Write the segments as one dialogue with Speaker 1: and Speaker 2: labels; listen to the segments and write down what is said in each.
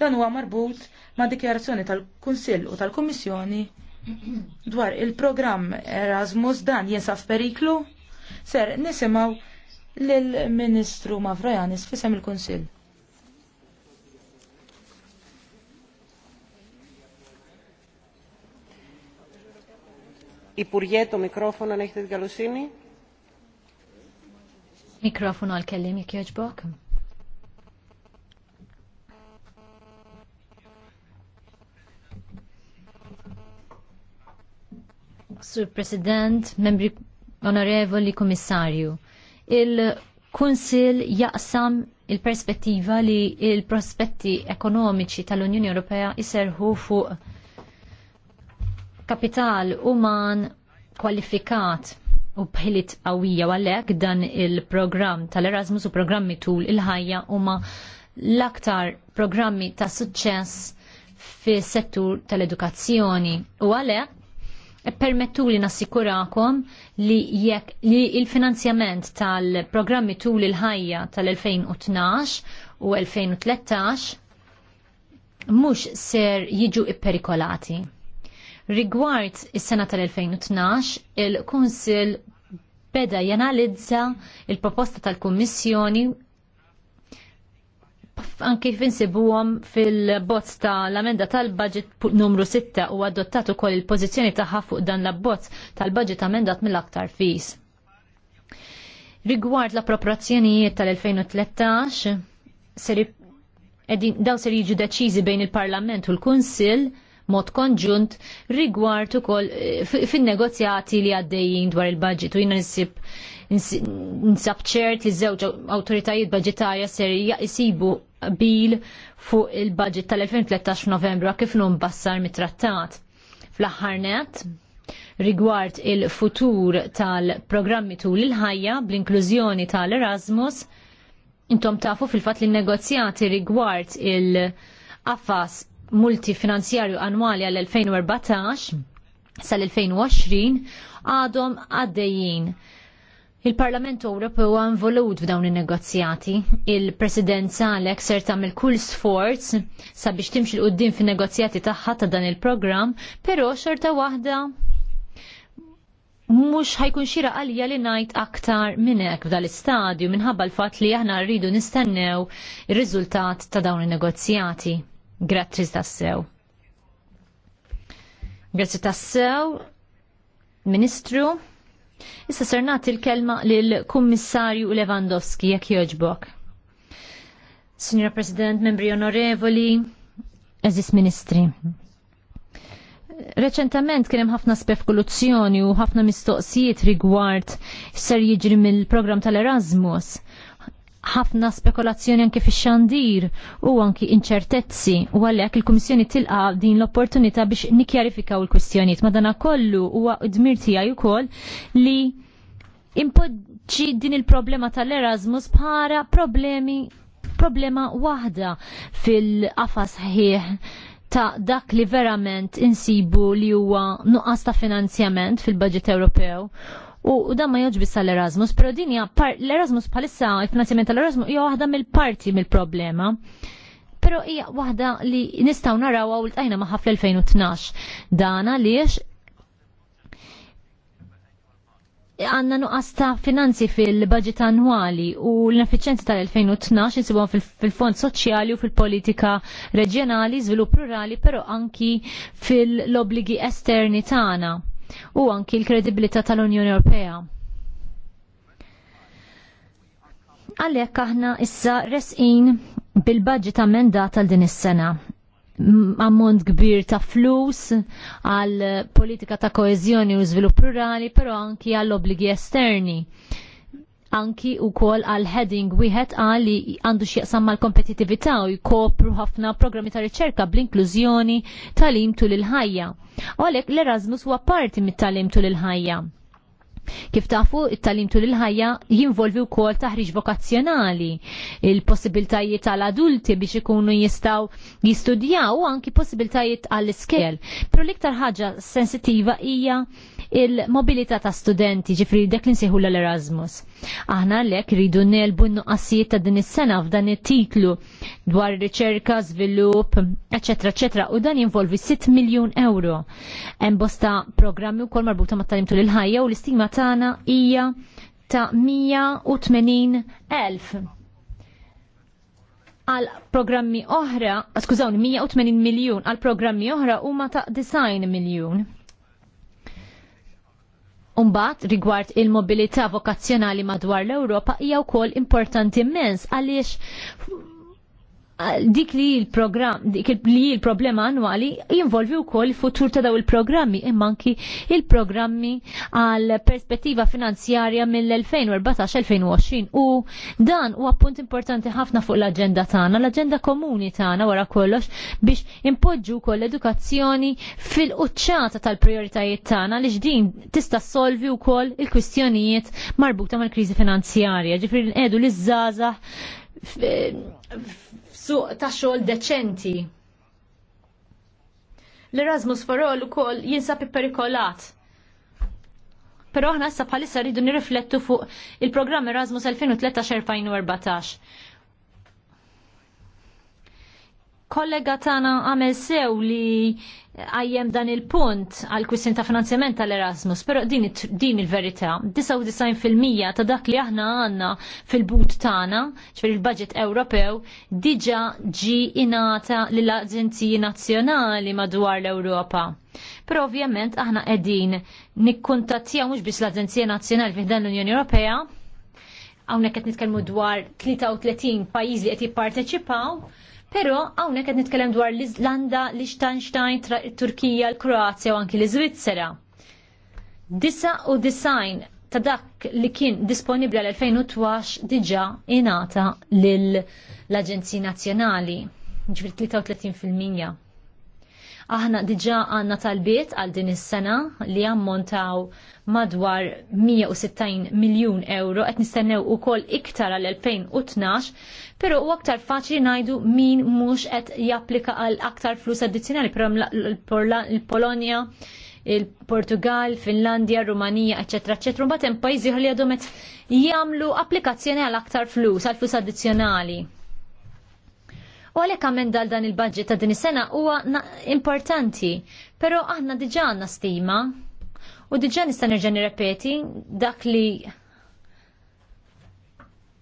Speaker 1: Dan huwa marbut ma' dikjarazzjoni tal-Kunsill u tal-Kummissjoni dwar il-programm Erasmus dan jinsaf periklu. Ser, nisimaw lill-Ministru Mavrojanis fisem il-Kunsill. Υπουργέ, το μικρόφωνο αν έχετε την καλοσύνη.
Speaker 2: Μικρόφωνο al-kellim jek Sur President, membri onorevoli komissarju. Il-Kunsil jaqsam il-perspettiva li il-prospetti ekonomiċi tal-Unjoni Ewropea iserħu fuq kapital uman kwalifikat u bħilit qawwija għalhekk dan il-programm tal-Erasmus u programmi tul il-ħajja huma l-aktar programmi ta' suċċess fis settur tal-edukazzjoni u għalhekk permettu li nassikurakom li jekk li il-finanzjament tal-programmi tul il-ħajja tal-2012 u 2013 mhux ser jiġu ipperikolati. Rigward is-sena tal-2012, il-Kunsil beda janalizza il-proposta tal-Kummissjoni anki finsibuhom fil-bozz ta' l-amenda tal-budget numru 6 u adottat ukoll il-pożizzjoni ta' fuq dan l bozz tal-budget amendat mill-aktar fis. Rigward l-appropriazzjonijiet tal-2013, daw ser jiġu deċiżi bejn il-Parlament u l-Kunsill mod konġunt rigward ukoll eh, fin-negozjati li għaddejjin dwar il-budget u jiena nsib nsab ċert li żewġ awtoritajiet budgetarja ser jisibu bil fuq il-budget tal-2013 novembru kif nu mbassar mit-trattat. Fl-aħħar net, rigward il-futur tal-programmi tul il-ħajja bl-inklużjoni tal-Erasmus, intom tafu fil-fat li negozjati rigward il affas multifinanzjarju annwali għal-2014 sal-2020 għadhom għaddejjin. Il-Parlament Ewropew huwa involut f'dawn in-negozjati. Il-President Salek ser tagħmel kull sforz sabiex timxi l qudiem fin-negozjati tagħha ta' dan il-programm, però xorta waħda mhux ħajkun xira għalija li ngħid aktar minn hekk f'dal istadju minħabba l-fatt li aħna rridu nistennew ir-riżultat ta' dawn in-negozjati. Grazzi tassew. Grazzi tassew, Ministru. Issa ser nagħti l-kelma lill-Kummissarju Lewandowski jekk jogħġbok. Signora President, membri onorevoli, eżis ministri. Reċentament kien hemm ħafna spekulazzjoni u ħafna mistoqsijiet rigward ser jiġri mill-programm tal-Erasmus ħafna spekulazzjoni anke fi xandir u anki inċertezzi u għalhekk il-Kummissjoni tilqa din l-opportunità biex nikjarifikaw il-kwistjonijiet. Madana kollu huwa dmir tiegħi wkoll li impoġġi din il-problema tal-Erasmus bħala problemi problema waħda fil-qafas ħieħ ta' dak li verament insibu li huwa nuqqas ta' finanzjament fil-budget Ewropew U dan ma joġbis tal-Erasmus, pero din l-Erasmus bħalissa il-finanzjament tal-Erasmus hija waħda mill-parti mill-problema. Pero hija waħda li nistgħu narawha u l-tajna magħha fl-2012. Dana għaliex għanna nuqqas ta' finanzi fil-budget annwali u l inefficienzi tal-2012 insibuħan fil-fond soċjali u fil-politika reġjonali, żvilupp rurali, pero anki fil-obligi esterni tagħna u anki l-kredibilità tal-Unjoni Ewropea. Għalhekk aħna issa resqin bil-budget ammendat għal din is-sena ammont kbir ta' flus għal politika ta' koezjoni u żvilupp rurali, però anki għall obligi esterni anki u kol għal heading wieħed għal li għandu xieqsam mal kompetitività u jkopru ħafna programmi ta' riċerka bl-inklużjoni tal-im tul il-ħajja. Għalek l-Erasmus huwa parti mit im tul il-ħajja. Kif tafu, it-talim tul il-ħajja jinvolvi wkoll taħriġ vokazzjonali, il-possibiltajiet għal adulti biex ikunu jistaw jistudjaw u anki possibiltajiet għall-iskel. Pro l-iktar ħaġa sensitiva hija il-mobilità ta' studenti ġifri dek li nsejħu l-Erasmus. Aħna lek rridu nelbu n-nuqqassijiet ta' din is-sena f'dan it-titlu dwar riċerka, żvilupp, ecc. ecc. u dan jinvolvi 6 miljun euro. Hemm bosta programmi wkoll marbuta ma' talim tul il-ħajja u l-istima tagħna hija ta' 180,000 għal programmi oħra, skużawni, 180 miljon għal programmi oħra huma ta' 90 miljon. Umbat rigward il-mobilità vokazzjonali madwar l-Ewropa hija wkoll importanti immens għaliex dik li il-programm, dik li il-problema annwali jinvolvi wkoll futur ta' daw il-programmi imma anki il-programmi għal perspettiva finanzjarja mill-2014-2020 u dan u appunt importanti ħafna fuq l-agenda tagħna, l-agenda komuni tagħna wara kollox biex impoġġu wkoll edukazzjoni fil-quċċata tal-prioritajiet tagħna li din tista' solvi wkoll il-kwistjonijiet marbuta mal-kriżi finanzjarja. Ġifieri edu li żgħażagħ suq ta' xogħol deċenti. L-Erasmus for All ukoll jinsab perikolat. Però aħna issa bħalissa rridu nirriflettu fuq il-programm Erasmus 2013-2014. Kollega tagħna għamel sew li għajjem dan il-punt għal kwissin ta' finanzjament tal-Erasmus, pero din, din il-verità, 99% ta' dak li aħna għanna fil-but tana, ċfer il-budget Ewropew, diġa ġi inata l-Aġenziji Nazzjonali madwar l-Ewropa. Pero ovvjament aħna edin nikkuntattija mux bis l-Aġenzija Nazzjonali fiħdan l-Unjoni Ewropea, għawnek għet nitkelmu dwar 33 pajizi li għet jipparteċipaw, Pero hawnhekk qed nitkellem dwar l-Iżlanda, l-Liechtenstein, Turkija, l-Kroazja u anki l izvizzera Disa u design ta' dak li kien disponibli għal-2012 diġa inata l-Aġenziji Nazzjonali, ġvir 33%. Aħna diġa għanna talbiet għal din is-sena li ammontaw madwar 160 miljun euro għet nistennew ukoll iktar għal 2012 Pero u aktar faċli najdu min mux qed japplika għal aktar flus addizzjonali, però il-Polonja, il-Portugal, Finlandja, Rumanija, eccetera, eccetera. Mbagħad hemm pajjiżi li għadhom et jamlu applikazzjoni għal aktar flus, għal flus addizzjonali. U għalhekk għamend dal dan il-budget ta' din is-sena huwa importanti, però aħna diġà għandna stima u diġà nista' nerġa' nirrepeti dak li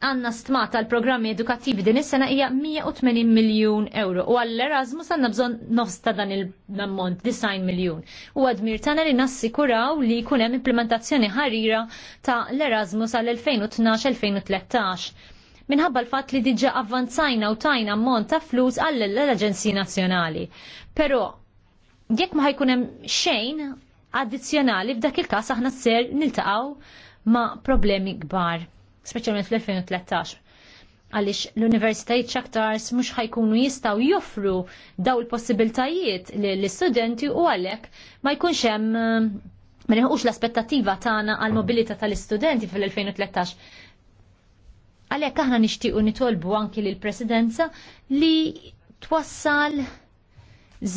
Speaker 2: għanna stmata l-programmi edukattivi din is-sena hija 180 miljun euro u għall Erasmus għanna bżon nofs ta' dan il-ammont 90 miljun. U għadmir tagħna li nassikuraw li jkun hemm implementazzjoni ħarira ta' l-Erasmus għall 2012-2013. Minħabba l-fatt li diġa avvanzajna u tajna ammont ta' flus għall l-Aġenziji Nazzjonali. Però jekk ma ħajkun hemm xejn addizzjonali f'dak il-każ aħna ser niltaqgħu ma' problemi kbar speċjalment fl-2013 għalix l-universitajiet ċaktars mux ħajkunu jistaw joffru daw il-possibiltajiet l-studenti u għalek ma jkunx hemm ma l-aspettativa tagħna għal mobilità tal-istudenti fil-2013. Għalek aħna nixtiequ nitolbu anki l presidenza li twassal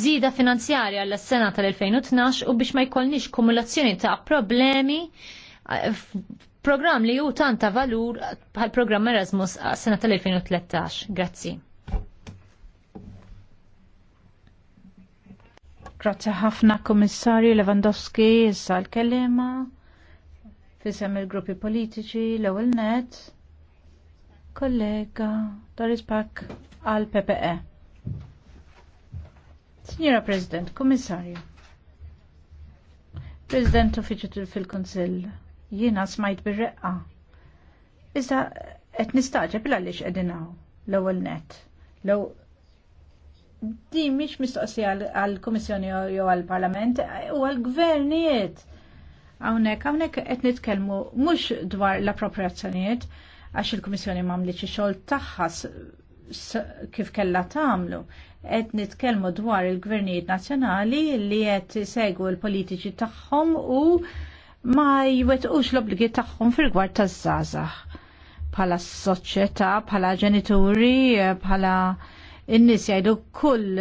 Speaker 2: żida finanzjarja għall sena tal-2012 u biex ma jkollniex kumulazzjoni ta' problemi eh, Program li ju tanta valur bħal program Erasmus sena tal-2013. Grazzi.
Speaker 3: Grazzi ħafna Komissarju Lewandowski, issa l-kelima, fisem il-gruppi politiċi, l ewwel net, kollega Doris Pak għal PPE. Signora President, Komissarju, President Uffiċu fil-Konsill, jiena smajt bir-reqqa. Iżda qed nistaġeb għaliex qegħdin l-ewwel net. Law di mhix mistoqsija għall-Kummissjoni jew għall-Parlament u għall-gvernijiet. Hawnhekk hawnhekk qed nitkellmu mhux dwar l-appropriazzjonijiet għax il-Kummissjoni m'għamlitx ix-xogħol tagħha kif kella tagħmlu. Qed nitkellmu dwar il-gvernijiet nazzjonali li qed segu l-politiċi tagħhom u ma jwetqux l-obligi tagħhom fil gwart taż-żgħażagħ bħala soċjetà, bħala ġenituri, bħala in-nies jgħidu kull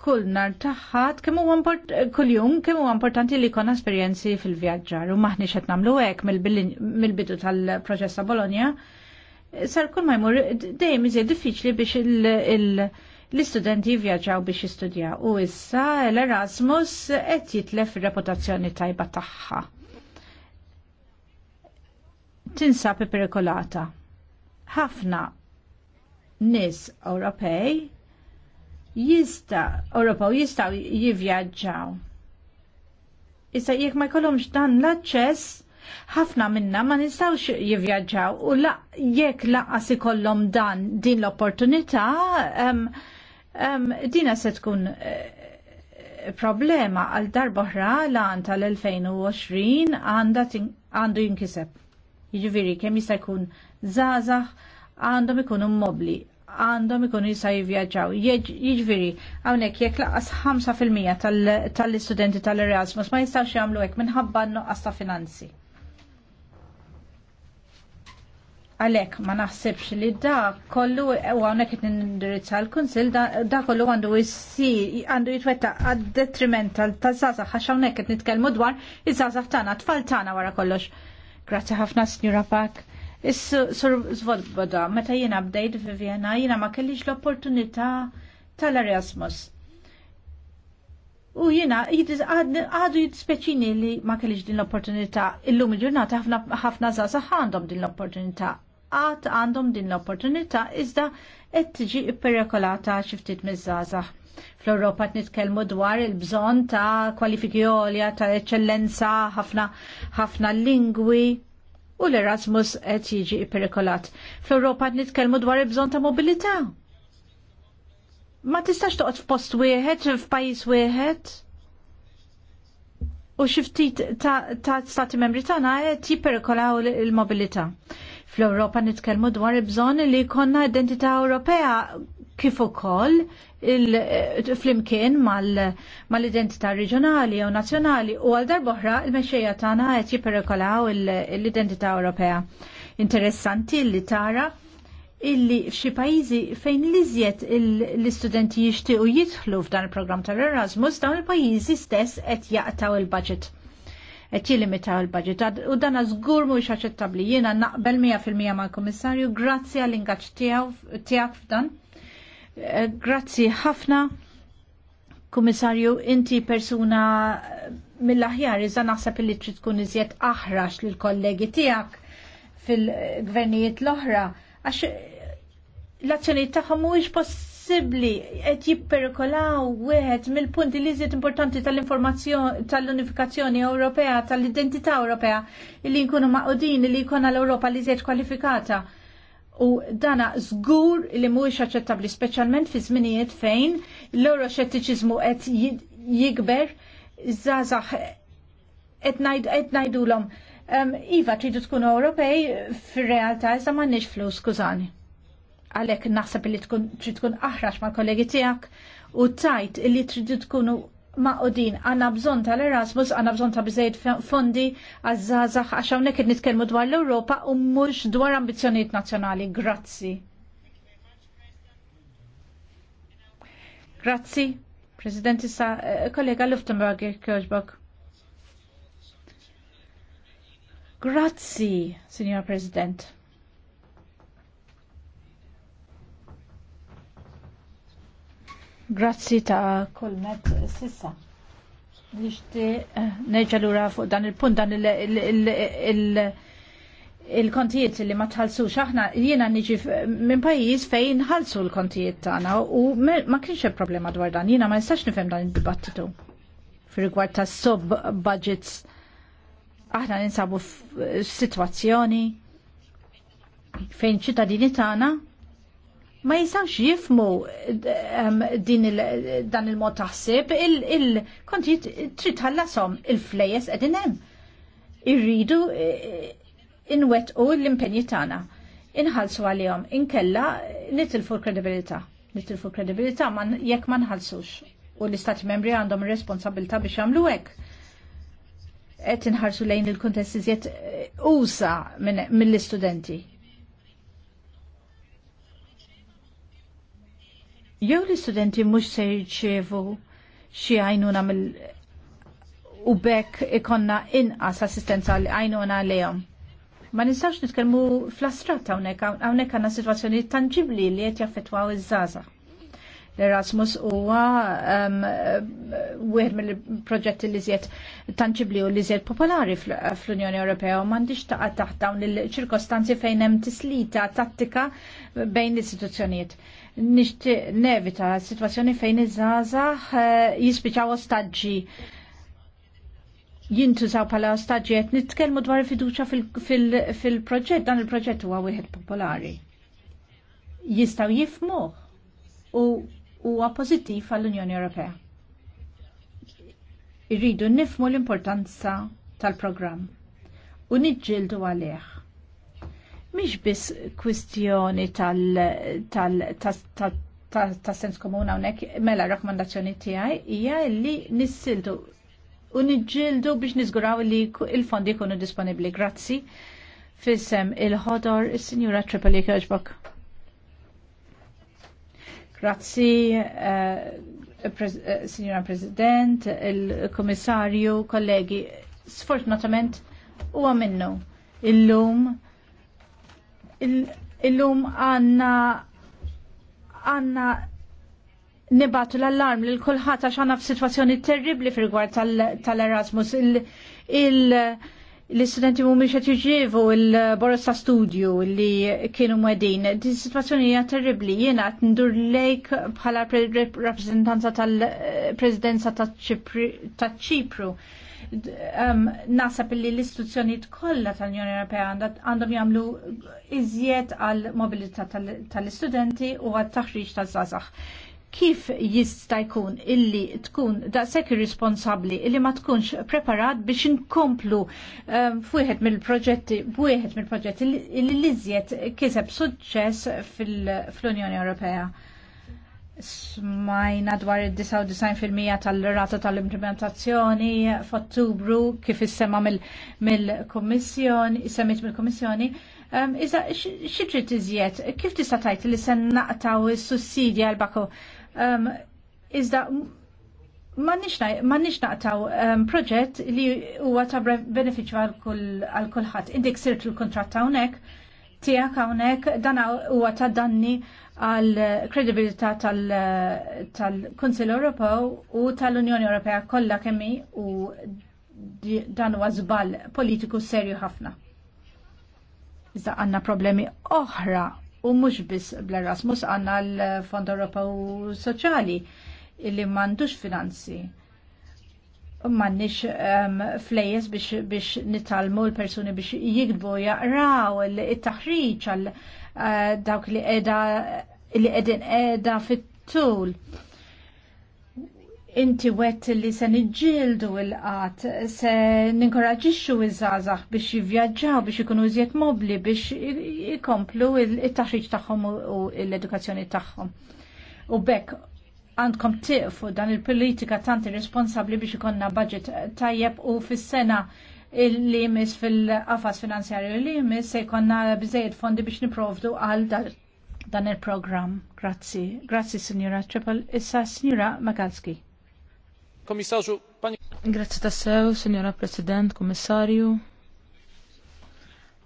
Speaker 3: kull nar taħħat, kemm huwa kull jum, kemm huwa importanti li jkollna esperjenzi fil-vjaġġar u maħniex qed nagħmlu hekk mill-bidu tal-proċess ta' Bologna. Sar kull ma jmur dejjem iżjed diffiċli biex il-, il l-istudenti vjaġaw biex jistudjaw u issa l-Erasmus qed jitlef ir-reputazzjoni tajba tagħha. Tinsab perikolata. Ħafna nis Ewropej jista Ewropew jistgħu jivvjaġġaw. Issa jekk ma jkollhomx dan l-aċċess, ħafna minna ma nistawx jivvjaġġaw u la, jekk laqas ikollhom dan din l-opportunità um, Um, dina se tkun eh, problema għal darboħra lan tal-2020 għandu jinkiseb. Jiġifieri kemm jista' jkun zazax, għandhom ikunu mobbli, għandhom ikunu jista' jivvjaġġaw. Jiġifieri hawnhekk jekk laqas 5% tal-istudenti tal-Erasmus ma jistgħux jagħmlu hekk minħabba nuqqas ta' finanzi. Għalek, ma naħsibx li da kollu, u għonek jt nindirizza l-Kunsil, da kollu għandu jissi, għandu jitwetta għad detrimental tal-zazax, għax għawnek jt nitkelmu dwar iż-zazax tana, tfal tana wara kollox. Grazie ħafna, Signora Pak. Is-sur Zvolboda meta jiena bdejt Vivjana, Vienna, jiena ma kellix l-opportunità tal-Erasmus. U jina, għadu jitspeċini li ma kellix din l-opportunità. Illum il-ġurnata ħafna zaza għandhom din l-opportunità għat għandhom din l-opportunità iżda qed tiġi perikolata xiftit miż-żgħażagħ. Fl-Europa nitkellmu dwar il-bżonn ta' kwalifiki għolja, ta' eċċellenza, ħafna ħafna lingwi u l-Erasmus qed jiġi perikolat. Fl-Europa nitkellmu dwar il-bżonn ta' mobilità. Ma tistax toqgħod f'post wieħed, f'pajjiż wieħed u xiftit ta', ta stati membri tagħna qed jipperikolaw il-mobilità. Fl-Ewropa nitkellmu dwar il-bżonn li jkollna identità Ewropea kif ukoll eh, flimkien mal-identità reġjonali u nazzjonali u għal darboħra il-mexxejja tagħna qed jipperikolaw l-identità Ewropea. Interessanti li tara illi f'xi pajjiżi fejn liżjed l-istudenti jixtiequ jidħlu f'dan il-programm tal-Erasmus dawn il-pajjiżi stess qed jaqtaw il-budget qed jilimitaw il-budget u dan żgur mhuwiex aċċettabbli. Jiena naqbel 100% mal-Kummissarju, grazzi għall-ingaġġ tiegħek f'dan. Eh, grazzi ħafna. Kummissarju, inti persuna mill-aħjar iżda naħseb li trid tkun iżjed aħrax lill kollegi tiegħek fil-gvernijiet l-oħra għax l-azzjonijiet tagħhom mhuwiex post possibbli qed jipperikolaw wieħed mill-punti li jżid importanti tal-informazzjoni tal-unifikazzjoni Ewropea, tal-identità Ewropea li nkunu maqudin li jkollna l-Ewropa li jżid kwalifikata. U dana żgur li mhuwiex aċċettabbli speċjalment fi żminijiet fejn l-euroxettiċiżmu qed jikber żgħażagħ qed ngħidulhom. Iva, tridu tkun Ewropej, fir realtà iżda m'għandniex flus, skużani għalek naħseb li tkun trid tkun aħrax mal kollegi tiegħek u tajt li trid tkunu qudin għanna bżon tal-Erasmus, għanna bżon ta' bizzejt fondi għazzazax għax hawnhekk qed nitkellmu dwar l-Ewropa u mhux dwar ambizzjonijiet nazzjonali. Grazzi. Grazzi, Presidenti sa eh, kollega Luftenberg Kirchberg. Grazzi, Signor President. Grazzi ta' kolmet sissa. Nishti eh, neġalura fuq dan il-punt dan il-kontijiet li ma tħalsu xaħna jiena niġi minn pajis fejn ħalsu l-kontijiet tagħna u ma kienx problema dwar dan jiena ma nistax nifhem dan id-dibattitu fir-rigward tas sub budgets aħna ninsabu situazzjoni fejn ċittadini tagħna ma jisamx jifmu ehm, din dan il-mod taħsib il-konti trid tħallasom il-flejes qegħdin hemm. Irridu eh, inwettqu l-impenji tagħna. Inħallsu għalihom inkella nitilfu l-kredibilità. Nitilfu kredibilità jekk ma nħallsux. U l-istati membri għandhom responsabilità biex jagħmlu hekk. Qed inħarsu lejn il kuntestiżiet iżjed eh, usa mill-istudenti. jew l-istudenti mhux se jirċievu xi għajnuna mill- u bekk ikonna inqas assistenza li għajnuna għalihom. Ma nistax nitkellmu fl-astrat hawnhekk hawnhekk għandna sitwazzjoni tanġibli li qed jaffettwaw iż-żaża. L-Erasmus huwa um, wieħed mill-proġetti li żied tangibbli u li żied popolari fl-Unjoni Ewropea u m'għandix taqa' taħt dawn il-ċirkostanzi fejn hemm tislita tattika bejn l-istituzzjonijiet nixtieq nevita situazzjoni fejn iż żaza eh, jispiċaw ostaġġi jintużaw pala ostaġġi qed nitkellmu dwar fiduċa fil-proġett dan il-proġett huwa wieħed popolari. Jistgħu jifmu u huwa pożittiv għall-Unjoni Ewropea. Irridu nifmu l-importanza tal-programm u niġġieldu għalih mhix biss kwistjoni tal-sens komuna hawnhekk mela rakkomandazzjoni tiegħi hija li nissildu u niġġieldu biex niżguraw li il-fondi jkunu disponibbli. Grazzi. Fissem il-ħodor is-Sinjura Tripoli Kirchbach. Grazzi, eh, eh, Signora President, il kummissarju kollegi. Sfortunatament, u għamennu. Illum Illum għanna għanna nibatu l-allarm li l-kulħat għax għanna f-situazzjoni terribli fil-gwar tal-Erasmus. L-istudenti mu miex jġivu il-boros ta' studju li kienu mwedin. Di situazzjoni hija terribli. Jena t ndur lejk bħala rappresentanza tal-presidenza ta' ċipru um, nasab li l-istituzzjonijiet kollha tal-Unjoni Ewropea għandhom jagħmlu iżjed għal mobilità tal-istudenti u għat taħriġ tal-żazax. Kif jista' jkun illi tkun daqshekk responsabli illi ma tkunx preparat biex nkomplu um, mill-proġetti b'wieħed mill-proġetti illi l-iżjed kiseb suċċess fl-Unjoni Ewropea? smajna dwar il-99% tal-rata tal-implementazzjoni f'Ottubru kif issema mill-Kommissjoni, issemmit mill-Kommissjoni. Iżda trid iżjed, kif tista' tajt li se naqtaw is-sussidja l baku Iżda ma nix naqtaw proġett li huwa ta' benefiċċju għal kulħadd. Indik sirtu l-kontratt hawnhekk, tiegħek hawnhekk dan huwa ta' danni għal kredibilità tal-Kunsill Ewropew u tal-Unjoni Ewropea kollha kemmi u dan huwa żball politiku serju ħafna. Iżda għandna problemi oħra u mhux biss bl-Erasmus għandna l-Fond Ewropew Soċjali li m'għandux finanzi. M'għandniex um, flejes biex, biex nitalmu l-persuni biex jikdbu jaqraw it-taħriġ għal eh, dawk li edha li qegħdin qiegħda fit-tul. Inti wet li se niġġieldu l-qat, se ninkoraġixxu iż-żgħażagħ biex jivvjaġġaw biex ikunu iżjed mobbli biex ikomplu it-taħriġ tagħhom u l-edukazzjoni tagħhom. U bekk għandkom tiqfu dan il-politika tant irresponsabbli biex ikonna budget tajjeb u fis-sena il-limis fil-qafas finanzjarju il-limis se jkonna bżejjed fondi biex niprovdu għal dan il-program. Grazzi. Grazzi, Signora Triple. Issa, Signora Magalski.
Speaker 2: Komissarju, pani...
Speaker 3: Grazzi sew, Signora President,
Speaker 1: Komissarju.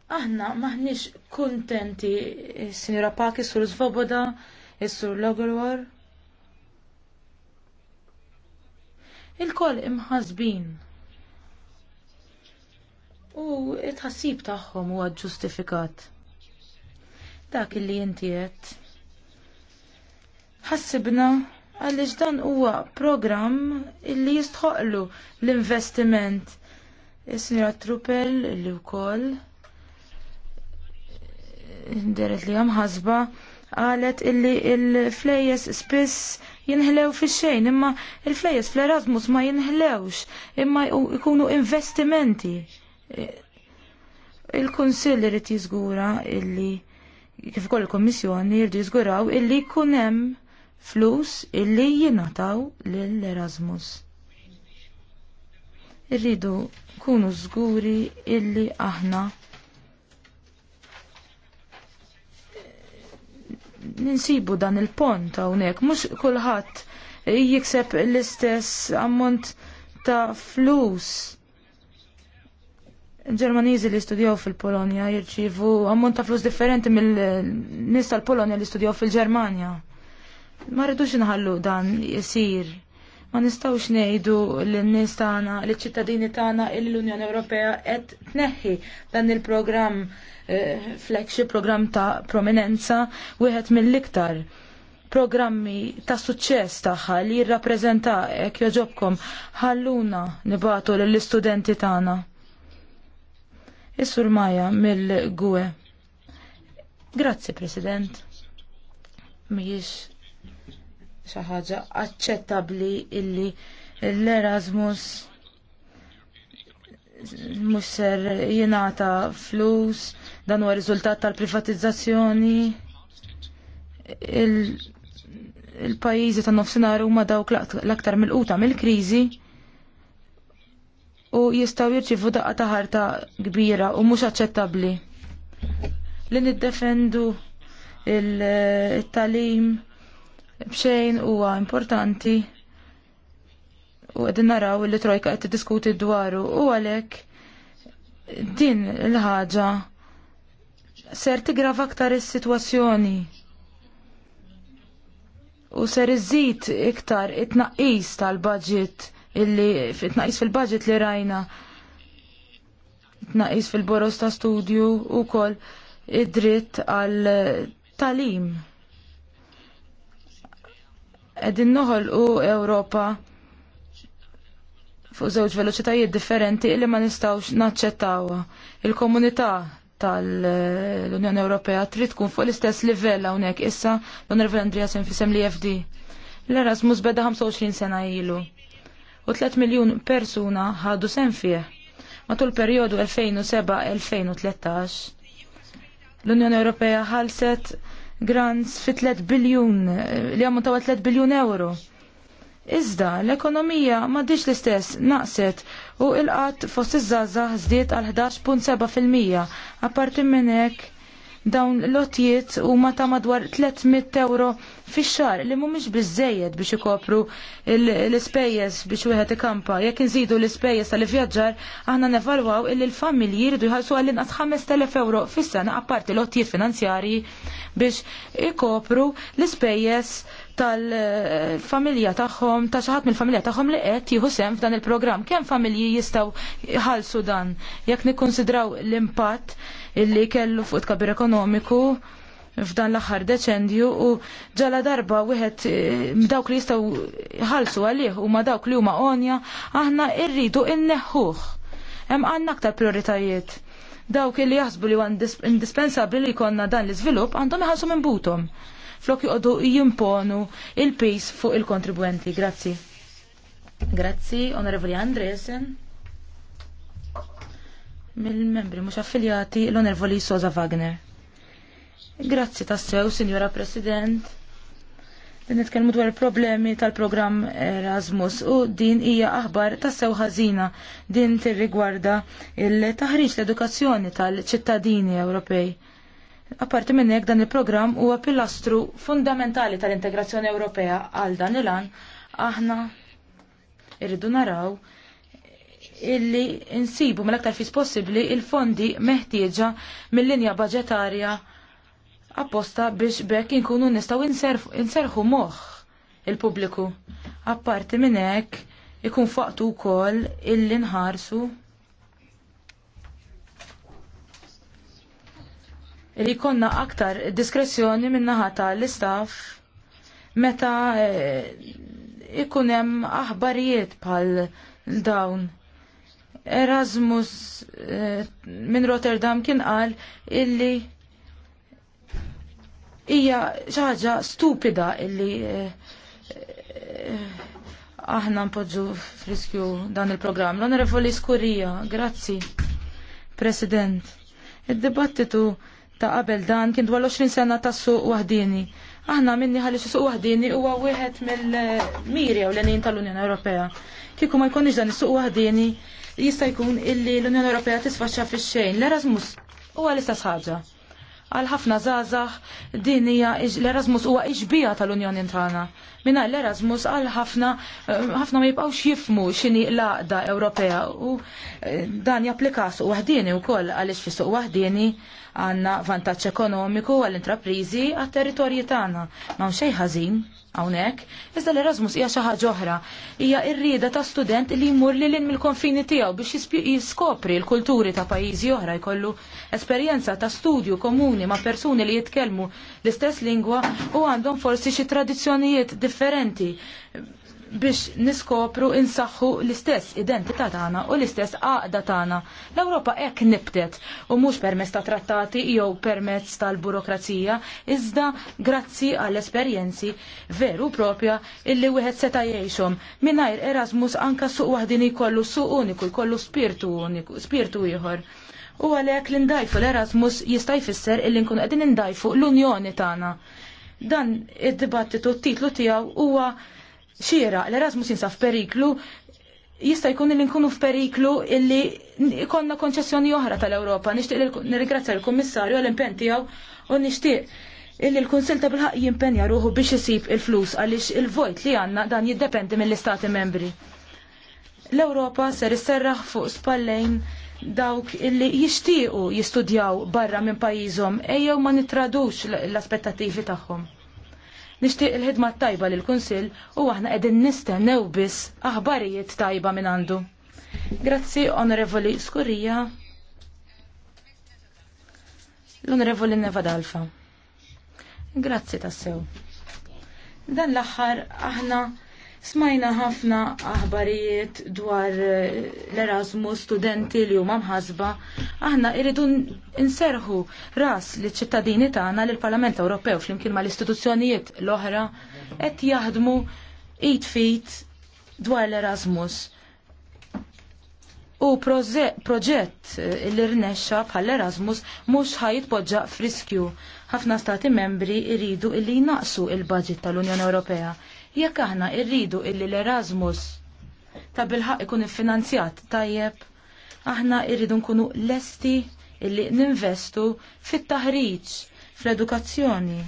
Speaker 1: Aħna maħniex kontenti, eh, Signora Paki, sur Svoboda, eh, sur Logolwar. Il-koll imħazbin. U it-ħassib taħħom huwa ġustifikat dak illi inti qed. Ħassibna għaliex dan huwa program illi jistħoqlu l-investiment. Is-Sinjora Truppel illi wkoll deret li hemm ħasba qalet illi il-flejes spiss jinħlew fi xejn, imma il-flejes fl-Erasmus ma jinħlewx, imma jkunu investimenti. Il-Kunsill irid jiżgura illi kif ukoll il-Kommissjoni jirdu jiżguraw illi jkun hemm flus illi jingħataw lill Erasmus. Irridu kunu żguri illi aħna ninsibu dan il-pont hawnhekk mhux kulħadd jikseb l-istess ammont ta' flus Ġermaniżi li studjaw fil-Polonja jirċivu ammont ta' flus differenti mill-nies tal-Polonja li studjaw fil-Ġermanja. Ma rridux inħallu dan jisir. Ma nistawx ngħidu l nies tagħna, liċ-ċittadini tagħna l-Unjoni Ewropea qed tneħħi dan il-programm eh, flagship programm ta' prominenza wieħed mill-iktar programmi ta' suċċess tagħha li jirrappreżenta hekk joġobkom ħalluna nibatu lill-istudenti tagħna. Is-Sur Maja mill-Gwe. Grazzi, President. Mhijiex xi ħaġa aċċettabbli illi l-Erasmus mhux ser jingħata flus dan huwa riżultat tal-privatizzazzjoni il-pajjiżi tan nofsinhar huma dawk l-aktar mill-quta mill-kriżi u jistaw jirċivu daqqa ta' ħarta kbira u mhux aċċettabbli. Li niddefendu il-talim bxejn huwa importanti u qegħdin naraw li trojka qed tiddiskuti dwaru u għalhekk din il ħagġa ser tigrav aktar is-sitwazzjoni u ser iżid iktar it-tnaqqis tal-budget illi tnaqis fil-budget li rajna tnaqis fil-boros ta' studju u kol id-dritt għal talim edin noħol u Ewropa fuq żewġ veloċitajiet differenti li ma nistawx naċċettawha. Il-komunità tal-Unjoni Ewropea trid tkun fuq l-istess livell hawnhekk issa l-Onorevole Andreas infisem li FD. L-Erasmus beda 25 sena ilu u 3 miljun persuna ħadu sen fih. Matul perjodu 2007-2013, l-Unjoni Ewropea ħalset grants fi 3 biljun, li għamu tawa 3 biljun euro. Iżda l-ekonomija diġ l-istess naqset u il qat fost iż-żgħażagħ zdiet għal 11.7 Apparti minn hekk dawn lotjiet huma ta' madwar 300 euro fix-xar li mhumiex bizzejed biex ikopru l-ispejjeż biex wieħed ikampa. Jek inżidu l-ispejjeż tal-ivvjaġġar aħna nevalwaw illi l-familji jridu jħallsu għall inqas 5000 euro fis-sena apparti lotjiet finanzjari biex ikopru l-ispejjeż tal-familja tagħhom, ta' xi ħadd mill-familja tagħhom li qed jieħu sem f'dan il-programm. Kemm familji jistgħu jħalsu dan jekk nikonsidraw l-impatt illi kellu fuq kabir ekonomiku f'dan l-aħħar deċendju u ġala darba wieħed eh, dawk li jistgħu ħalsu għalih u ma dawk li huma onja aħna rridu inneħħuh. Hemm għandna aktar prioritajiet. Dawk li jaħsbu li huwa indispensabbli li jkollna dan l-iżvilupp għandhom iħallsu minn butom. Flok joqogħdu jimponu il-pejs fuq il-kontribwenti. Grazzi. Grazzi, Onorevoli Andresen mill-membri mhux affiljati l-Onervoli Sosa Wagner. Grazzi tassew, Sinjora President. Din nitkellmu dwar problemi tal-programm Erasmus u din hija aħbar tassew ħażina din tirrigwarda il-taħriġ l-edukazzjoni tal-ċittadini Ewropej. Apparti minn hekk dan il-programm huwa pilastru fundamentali tal-integrazzjoni Ewropea għal dan il-an aħna irridu naraw illi insibu mill-aktar fis possibbli il-fondi meħtieġa mill-linja budgetarja apposta biex bekk inkunu nistgħu inserħu moħħ il-pubbliku. Apparti minn hekk ikun faqtu wkoll illi nħarsu li konna aktar diskrezzjoni minnaħa tal-istaff meta eh, ikunem aħbarijiet bħal dawn. Erasmus eh, minn Rotterdam kien qal illi hija xi ħaġa stupida illi eh, eh, aħna npoġġu friskju dan il-programm. L-Onorevoli Skurija, grazzi, President. Id-dibattitu ta' qabel dan kien dwar 20 sena ta' suq waħdini. Aħna minni ħalli suq waħdini huwa wieħed mill mirja u l-enin tal-Unjoni Ewropea. Kieku ma jkunx dan is-suq waħdini, jista' jkun illi l-Unjoni Ewropea tisfaċċa fix-xejn. L-Erasmus huwa l-istess ħaġa. Għal ħafna żgħażagħ din hija l-Erasmus huwa iġbija tal-Unjoni tagħna minna l-Erasmus għal ħafna eh, ħafna ma jibqawx jifmu xini laqda Ewropea u eh, dan japplikas u għahdini u koll għalix fissu suq għanna vantaċ ekonomiku għall-intraprizi għat-territorji tagħna. Ma mxej ħażin hawnhekk, iżda l-Erasmus hija xi ħaġa oħra. Hija rrieda ta' student li jmur lil mill-konfini tiegħu biex jiskopri l-kulturi ta' pajjiżi oħra jkollu esperjenza ta' studju komuni ma' persuni li jitkellmu l-istess lingwa u għandhom forsi xi tradizzjonijiet differenti differenti biex niskopru insaħħu l-istess identità tagħna u l-istess għaqda tagħna. L-Ewropa hekk nibtet u mhux permezz ta' trattati jew permezz tal-burokrazija, iżda grazzi għall esperjenzi veru propja illi wieħed seta' jgħixhom. Mingħajr Erasmus anka suq waħdin jkollu suq uniku, jkollu spirtu uniku, spirtu ieħor. U għalhekk l-indajfu l-Erasmus jista' jfisser illi nkun qegħdin indajfu l-Unjoni tagħna. Dan id-dibattitu t-titlu tiegħu huwa xiera l-Erasmus jinsab f'periklu jista' jkun li nkunu f'periklu illi ikonna konċessjoni oħra tal-Ewropa. Nixtieq nirringrazzja l-Kummissarju għall-impenn tiegħu u nixtieq illi l-Kunsil ta' bilħaq jimpenja ruħu biex isib il-flus għaliex il-vojt li għandna dan jiddependi mill-Istati membri. L-Ewropa ser isserraħ fuq spallejn dawk illi jixtiequ jistudjaw barra minn pajjiżhom ejjew ma nitradux l-aspettattivi tagħhom. Nixtieq il-ħidma tajba lil kunsill u aħna qegħdin nistennew biss aħbarijiet tajba minn għandu. Grazzi Onorevoli Skurija. L-Onorevoli Nevadalfa. Grazzi tassew. Dan l-aħħar aħna Smajna ħafna aħbarijiet dwar eh, l-Erasmus studenti li huma mħasba. Aħna irridu inserħu ras li ċittadini tagħna l parlament Ewropew flimkien mal istituzzjonijiet l-oħra qed jaħdmu id fit dwar l-Erasmus. U proġett eh, li rnexxa bħall erasmus mhux ħajitpoġġa friskju. Ħafna stati membri irridu illi jnaqsu il-budget tal-Unjoni Ewropea Jekk aħna rridu illi l-Erasmus ta' bilħaq ikun iffinanzjat tajjeb, aħna rridu nkunu lesti illi ninvestu fit-taħriġ, fl-edukazzjoni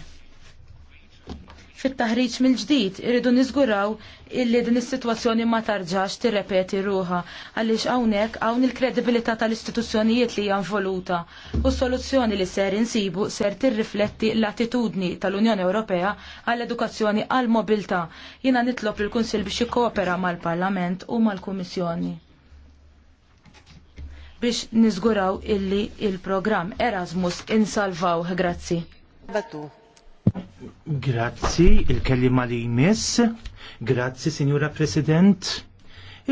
Speaker 1: fit-taħriġ mill-ġdid irridu niżguraw illi din is-sitwazzjoni ma tarġax tirrepeti ruha għaliex hawnhekk hawn il-kredibilità tal-istituzzjonijiet li hija involuta u soluzzjoni li ser insibu ser tirrifletti l-attitudni tal-Unjoni Ewropea għall-edukazzjoni għall-mobilità. Jiena nitlob lil kunsill biex jikkoopera mal-Parlament u mal-Kummissjoni biex niżguraw illi il-programm Erasmus insalvaw grazzi.
Speaker 4: Batu. Grazzi, il-kellima li jmiss. Grazzi, Signora President.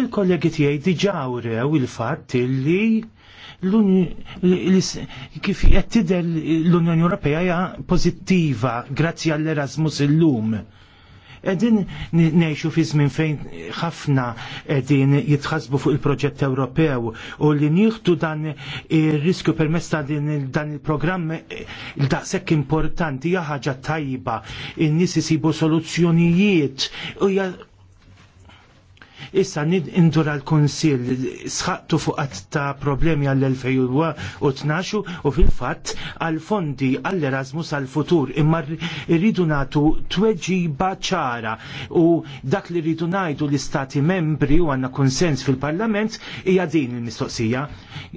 Speaker 4: Il-kollegi tiegħi diġa urew il-fatt illi kif qed tidher l-Unjoni Ewropea hija pożittiva grazzi għall-Erasmus illum. Edin neħxu fi żmien fejn ħafna edin jitħasbu fuq il-proġett Ewropew u li nieħdu dan ir-riskju permezz ta' dan il-programm il daqsek importanti hija ħaġa tajba, in-nies isibu soluzzjonijiet u Issa nid indura l-Konsil sħaqtu fuqat ta' problemi għall-2012 u fil-fatt għal-fondi għall-Erasmus għall-futur imma rridu natu tweġiba ċara u dak li rridu najdu l-istati membri u għanna konsens fil-parlament hija din il-mistoqsija.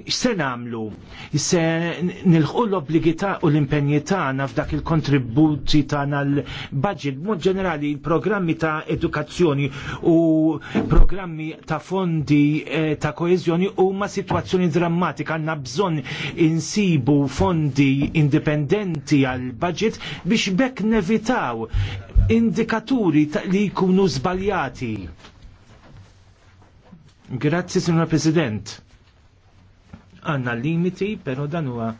Speaker 4: Se namlu? Se nilħu l obligita u l-impenji tagħna f'dak il-kontributi tagħna l-budget, mod ġenerali il-programmi ta' edukazzjoni u programmi ta' fondi eh, ta' koezjoni huma situazzjoni drammatika għandna bżonn insibu fondi indipendenti għal budget biex bekk nevitaw indikaturi li jkunu żbaljati. Grazzi, Signor President. Għanna limiti, pero dan huwa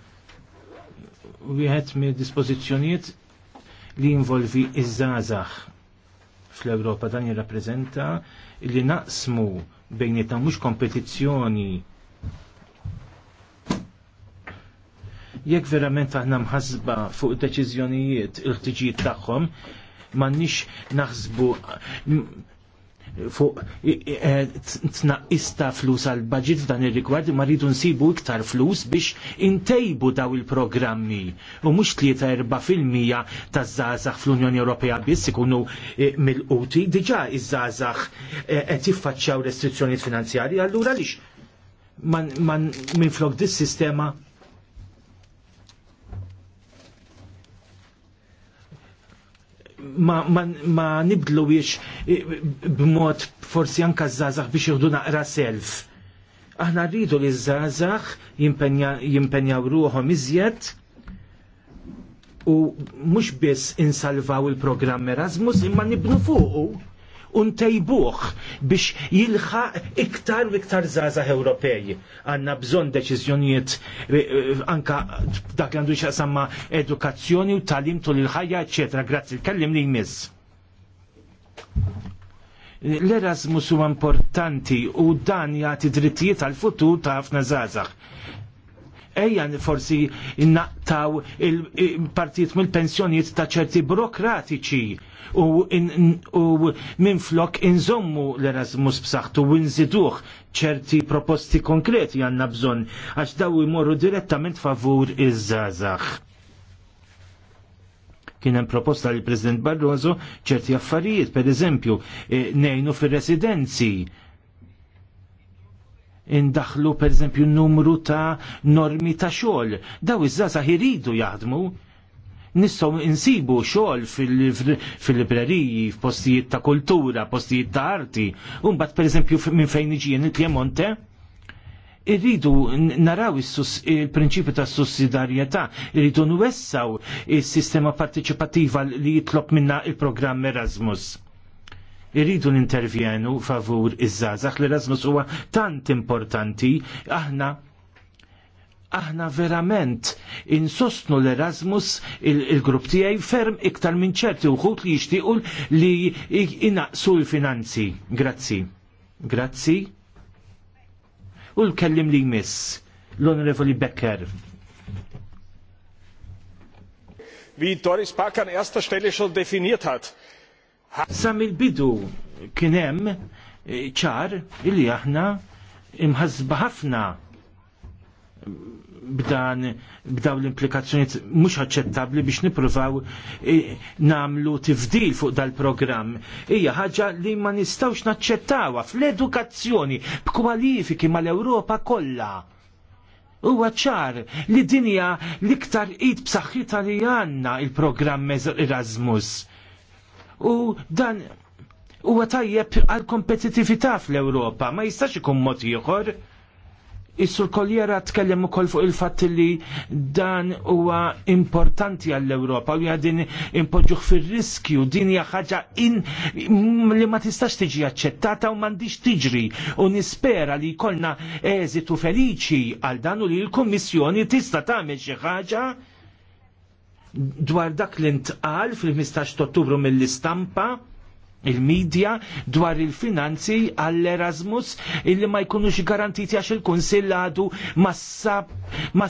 Speaker 4: wieħed mid dispożizzjonijiet li involvi iż-żgħażagħ fl-Ewropa dan jirrappreżenta li naqsmu bejn ta' mhux kompetizzjoni jekk verament aħna mħasba fuq deċiżjonijiet il-ħtiġijiet tagħhom m'għandniex naħsbu fuq e, tnaqqis flus għal budget f'dan ir-rigward ma rridu nsibu iktar flus biex intejbu daw il-programmi u mhux tlieta erba' fil-mija taż fl-Unjoni Ewropea biss ikunu e, mill-quti diġà iż-żgħażagħ e, qed jiffaċċjaw restrizzjonijiet finanzjarji allura għaliex man, man minn flok dis-sistema ma, ma, ma nibdlu biex b'mod forsi anka zazax biex jihdu naqra self. Aħna rridu li zazax jimpenjaw ruħom iżjed u mhux biss insalvaw il-programm Erasmus imma nibnu fuqu untejbuħ biex jilħaq iktar u iktar zazah Ewropej. Għanna bżon deċizjoniet eh, eh, anka dak għandu xaqsamma edukazzjoni u talim tul il-ħajja, eccetera. Grazzi, kellim li jmiss. L-Erasmus huwa importanti u dan jagħti drittijiet għal futur ta' ħafna żgħażagħ ejja forsi innaqtaw il-partijiet mill-pensjonijiet ta' ċerti burokratiċi u minflok inżommu l-Erasmus b'saħħtu u nżiduh ċerti proposti konkreti għandna bżonn għax daw imorru direttament favur iż-żazax kien hemm proposta li President Barroso ċerti affarijiet, per eżempju, eh, nejnu fir-residenzi indaħlu per eżempju numru ta' normi ta' xogħol. Daw iż-żgħażagħ iridu jaħdmu. Nistgħu insibu xogħol fil-libreriji, f'postijiet ta' kultura, postijiet ta' arti. U mbagħad pereżempju minn fejn iġien il-Piemonte, irridu naraw il-prinċipju ta' sussidarjetà, irridu nwessaw is sistema partiċipattiva li jitlob minna il-programm Erasmus irridu nintervjenu favur iż-żazax li Erasmus huwa tant importanti aħna aħna verament insostnu l-Erasmus il-grupp il tiegħi ferm iktar minn ċerti uħut li jixtiequ li inaqsu l-finanzi. Grazzi. Grazzi. U l-kellim li jmiss l-Onorevoli Becker. Wie Doris Park an erster Stelle schon definiert hat, Sa mill-bidu kien hemm eh, ċar illi aħna imħazba ħafna b'dan b'daw l implikazzjoni mhux aċċettabbli biex nippruvaw eh, namlu tifdil fuq dal-programm. Hija ħaġa li ma nistgħux naċċettawha fl-edukazzjoni b'kwalifiki mal-Ewropa kollha. Huwa ċar li dinja l-iktar id b'saħħitha li għandna il-programm Erasmus u dan huwa tajjeb għal kompetitività fl-Ewropa, ma jistax ikun mod ieħor. Is-sur Koljera tkellem ukoll fuq il-fatt li dan huwa importanti għall-Ewropa u jgħadin impoġġuh fir-riskju din hija ħaġa li ma tistax tiġi aċċettata u m'għandix tiġri u nispera li jkollna eżitu feliċi għal dan u li l-Kummissjoni tista' tagħmel xi ħaġa dwar dak li ntqal fil-15 ottubru mill-istampa il-medja dwar il-finanzi għall-Erasmus illi ma jkunux garantiti għax il-Kunsill għadu ma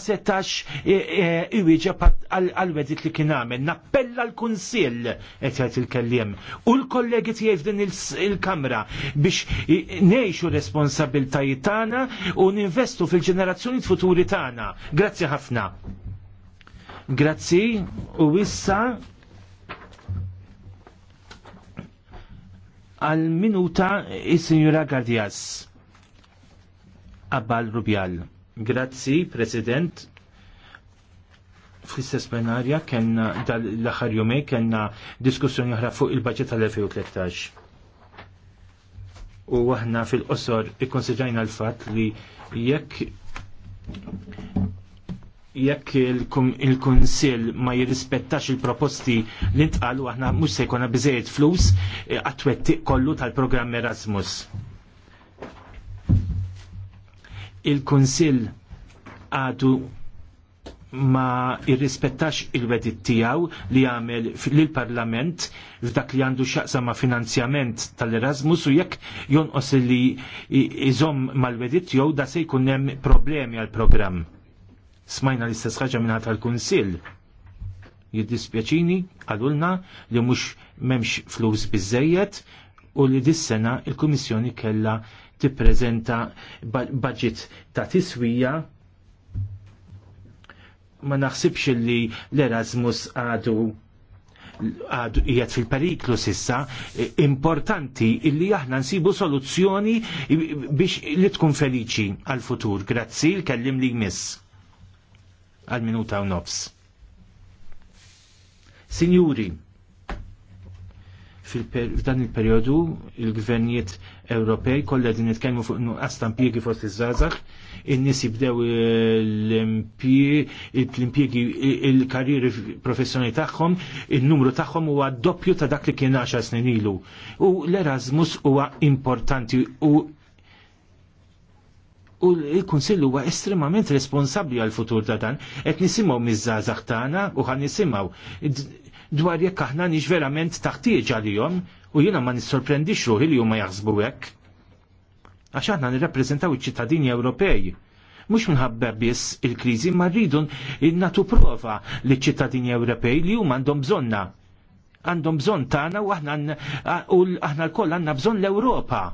Speaker 4: setax e, e, iwieġa għal-wedit li kien għamel. Nappella l-Kunsill qed il-kellim u l-kollegi tiegħi f'din il-Kamra biex ngħixu responsabiltajiet tagħna u ninvestu fil-ġenerazzjoni futuri tagħna. Grazzi ħafna. Grazzi u issa għal minuta is Signora Gardias. Abbal Rubjal. Grazzi, President, fl-istess plenarja kellna l-aħħar jumej kellna diskussjoni oħra fuq il-budget tal-2013. U aħna fil-qosor ikkonsidrajna l-fatt li jekk jekk il-Kunsill ma jirrispettax il-proposti li ntqalu aħna mhux se jkollna biżejjed flus eh, għat-twettiq kollu tal-programm Erasmus. Il-Kunsill għadu ma jirrispettax il-wedit tijaw li għamel l-parlament f'dak li għandu xaqsa ma finanzjament tal-Erasmus u jekk jonqos li jizom mal-wedit tijaw da se jkunem problemi għal-programm. Smajna l-istess ħaġa minn tal-Kunsill. Jiddispjaċini għalulna li mhux m'hemmx flus biżejjed u li dis-sena il-Kummissjoni kellha tippreżenta budget ta' tiswija ma naħsibx li l-Erasmus għadu għadu jgħad fil-periklu sissa importanti illi aħna nsibu soluzzjoni biex li tkun feliċi għal-futur. Grazzi, l-kellim li jmiss għal minuta u nofs. Signuri, f'dan il-periodu il-gvernijiet Ewropej kollha din nitkellmu fuq nuqqas ta' impjiegi fost iż-żgħażagħ, in-nies jibdew l-impjiegi il-karriri professjonali tagħhom, in-numru tagħhom huwa doppju ta' dak li kien 10 snin ilu. U l-Erasmus huwa importanti u u l-Kunsill huwa estremament responsabbli għal futur ta' dan, qed nisimgħu miż-żgħażagħ tagħna u ħan nisimgħu dwar jekk aħna nix verament taħtieġ għalihom u jiena ma nissorprendix ruħi li huma jaħsbu hekk. Għax aħna nirrappreżentaw iċ-ċittadini Ewropej. Mhux minħabba biss il-kriżi ma rridu natu prova li ċittadini Ewropej li huma għandhom bżonna. Għandhom bżonn tagħna u u aħna l-koll għandna bżonn l-Ewropa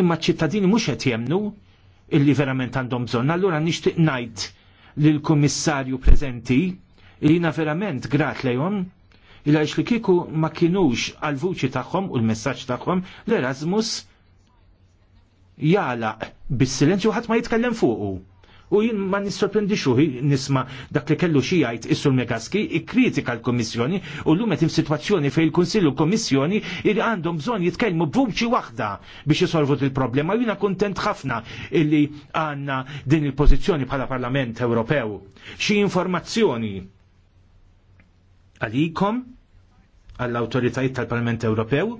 Speaker 4: imma ċittadini mhux qed jemnu illi verament għandhom bżonn. Allura nixtieq ngħid lill kummissarju preżenti li jiena verament grat lejhom illa għax li kieku ma kienux għal vuċi tagħhom u l-messaġġ tagħhom l-Erasmus jalaq bis-silenzju ħadd ma jitkellem fuqu. U jien ma nisorprendi xuħi nisma dak li kellu xi jgħid issu l-Megaski ikkritika l-Kommissjoni u l qed f'sitwazzjoni fejn il-Kunsill u l-Kommissjoni li għandhom bżonn jitkellmu b'vuċi waħda biex isolvu il-problema. U Jiena kuntent ħafna illi għandna din il-pożizzjoni bħala Parlament Ewropew. Xi informazzjoni għalikom għall awtoritajiet tal-Parlament Ewropew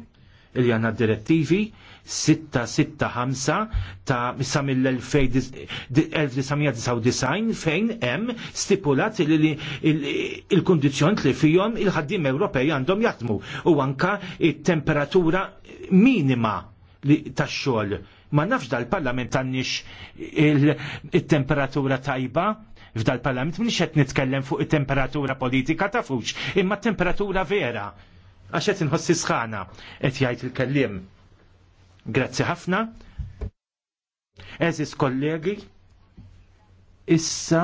Speaker 4: il għanna direttivi 665 ta' sa' mill-1999 fejn hemm stipulat il kondizjon li fihom il-ħaddim Ewropej għandhom jaħdmu u anka it-temperatura minima tax-xogħol. Ma nafx dal-parlament għandix il-temperatura tajba f'dal-parlament minix qed nitkellem fuq it-temperatura politika ta' fux, imma temperatura vera għaxet qed sħana qed jgħid il-kelliem Grazzi ħafna. Eżis kollegi, issa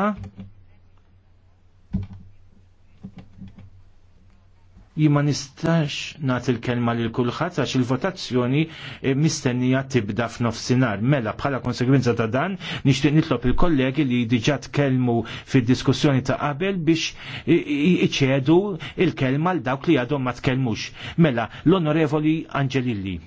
Speaker 4: jima nistax nat il-kelma li l-kulħat għax il-votazzjoni eh, mistennija tibda f'nofsinar. Mela bħala konsegwenza ta' dan nixtieq nitlob il-kollegi li diġà tkellmu fid-diskussjoni ta' qabel biex iċedu il-kelma l dawk li għadhom ma tkellmux. Mela l-Onorevoli Angelilli.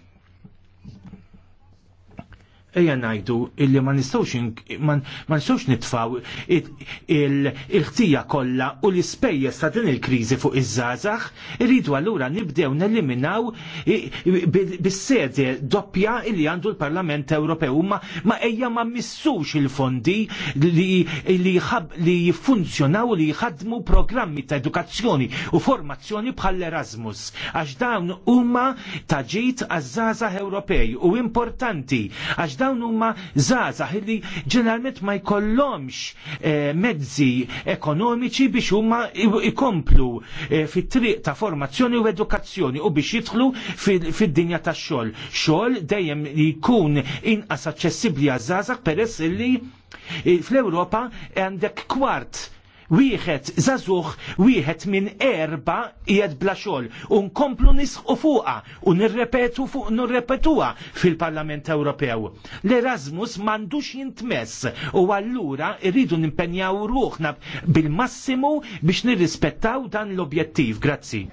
Speaker 4: Eja najdu illi ma nistawx ma nistawx nitfaw il-ħtija kollha u l-ispejjeż ta' din il-kriżi fuq iż-żgħażagħ, irridu allura nibdew neliminaw bis-sedje doppja illi għandu l-Parlament Ewropew ma ma ejja ma missux il-fondi li li jiffunzjonaw li jħadmu programmi ta' edukazzjoni u formazzjoni bħall Erasmus għax dawn huma taġit għaż-żgħażagħ Ewropej u importanti għax dawn huma żgħażagħ li ġeneralment ma jkollhomx eh, mezzi ekonomiċi biex huma ikomplu eh, fit-triq ta' formazzjoni u edukazzjoni u biex jidħlu fid-dinja tax-xogħol. Xogħol dejjem jkun inqas aċċessibbli għaż-żgħażagħ peress li eh, fl-Ewropa għandek kwart wieħed zazuħ, wieħed minn erba qiegħed bla xogħol. U nkomplu nisħu fuqha u nirrepetu fuq nirrepetuha fil-Parlament Ewropew. L-Erasmus m'għandux jintmess u allura rridu nimpenjaw ruħna bil-massimu biex nirrispettaw dan l-objettiv. Grazzi.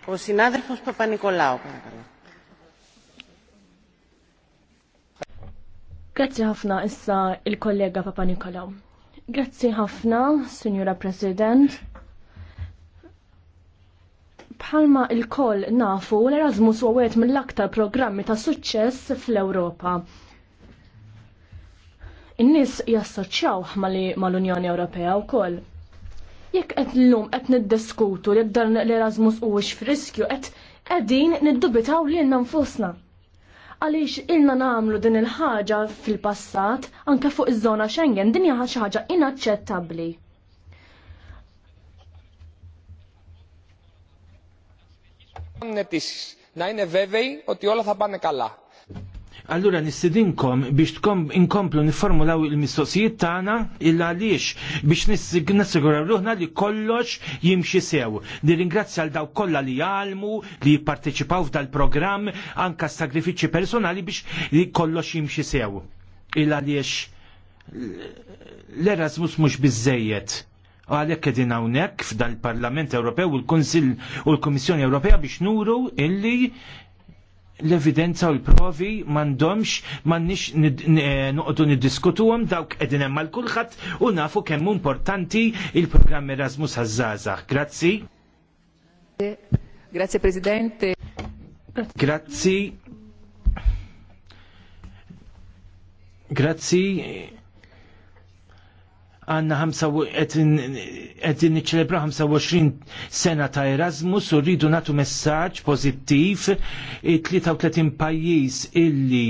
Speaker 1: Papa
Speaker 5: Grazzi ħafna issa il-kollega Papa Nikolaw. Grazzi ħafna, Signora President. Bħalma il-koll nafu l-Erasmus huwa wieħed mill-aktar programmi ta' suċċess fl-Ewropa. In-nies jassoċjaw mal-Unjoni Ewropea wkoll. Jekk qed llum qed niddiskutu li dan l-Erasmus huwiex f'riskju qed qegħdin niddubitaw lilna nfusna għaliex ilna namlu din il-ħaġa fil-passat anke fuq iż-żona Schengen din hija xi ħaġa inaċċettabbli. Nejn vevej oti όλα θα πάνε kalla.
Speaker 4: Allura nissidinkom biex inkomplu niformulaw il-mistoqsijiet tagħna illa għaliex biex nassiguraw ruħna li kollox jimxi sew. Nirringrazzja għal dawk kollha li jgħalmu, li jipparteċipaw f'dal-programm anka sagrifiċċji personali biex li kollox jimxi sew. Illa għaliex l-Erasmus mhux biżejjed u għalhekk qegħdin hawnhekk f'dal-Parlament Ewropew u l-Kunsill u l-Kummissjoni Ewropea biex nuru illi l-evidenza u l-provi mandomx mannix eh, nuqdu nid-diskutu għom dawk edin mal kulħadd u nafu kemm importanti il-programm Erasmus għazzazax. Grazzi. Grazie Presidente. Grazzi. Grazzi għanna għedin niċċelebra 25 sena ta' Erasmus u rridu natu messaġġ pozittiv 33 pajjiż illi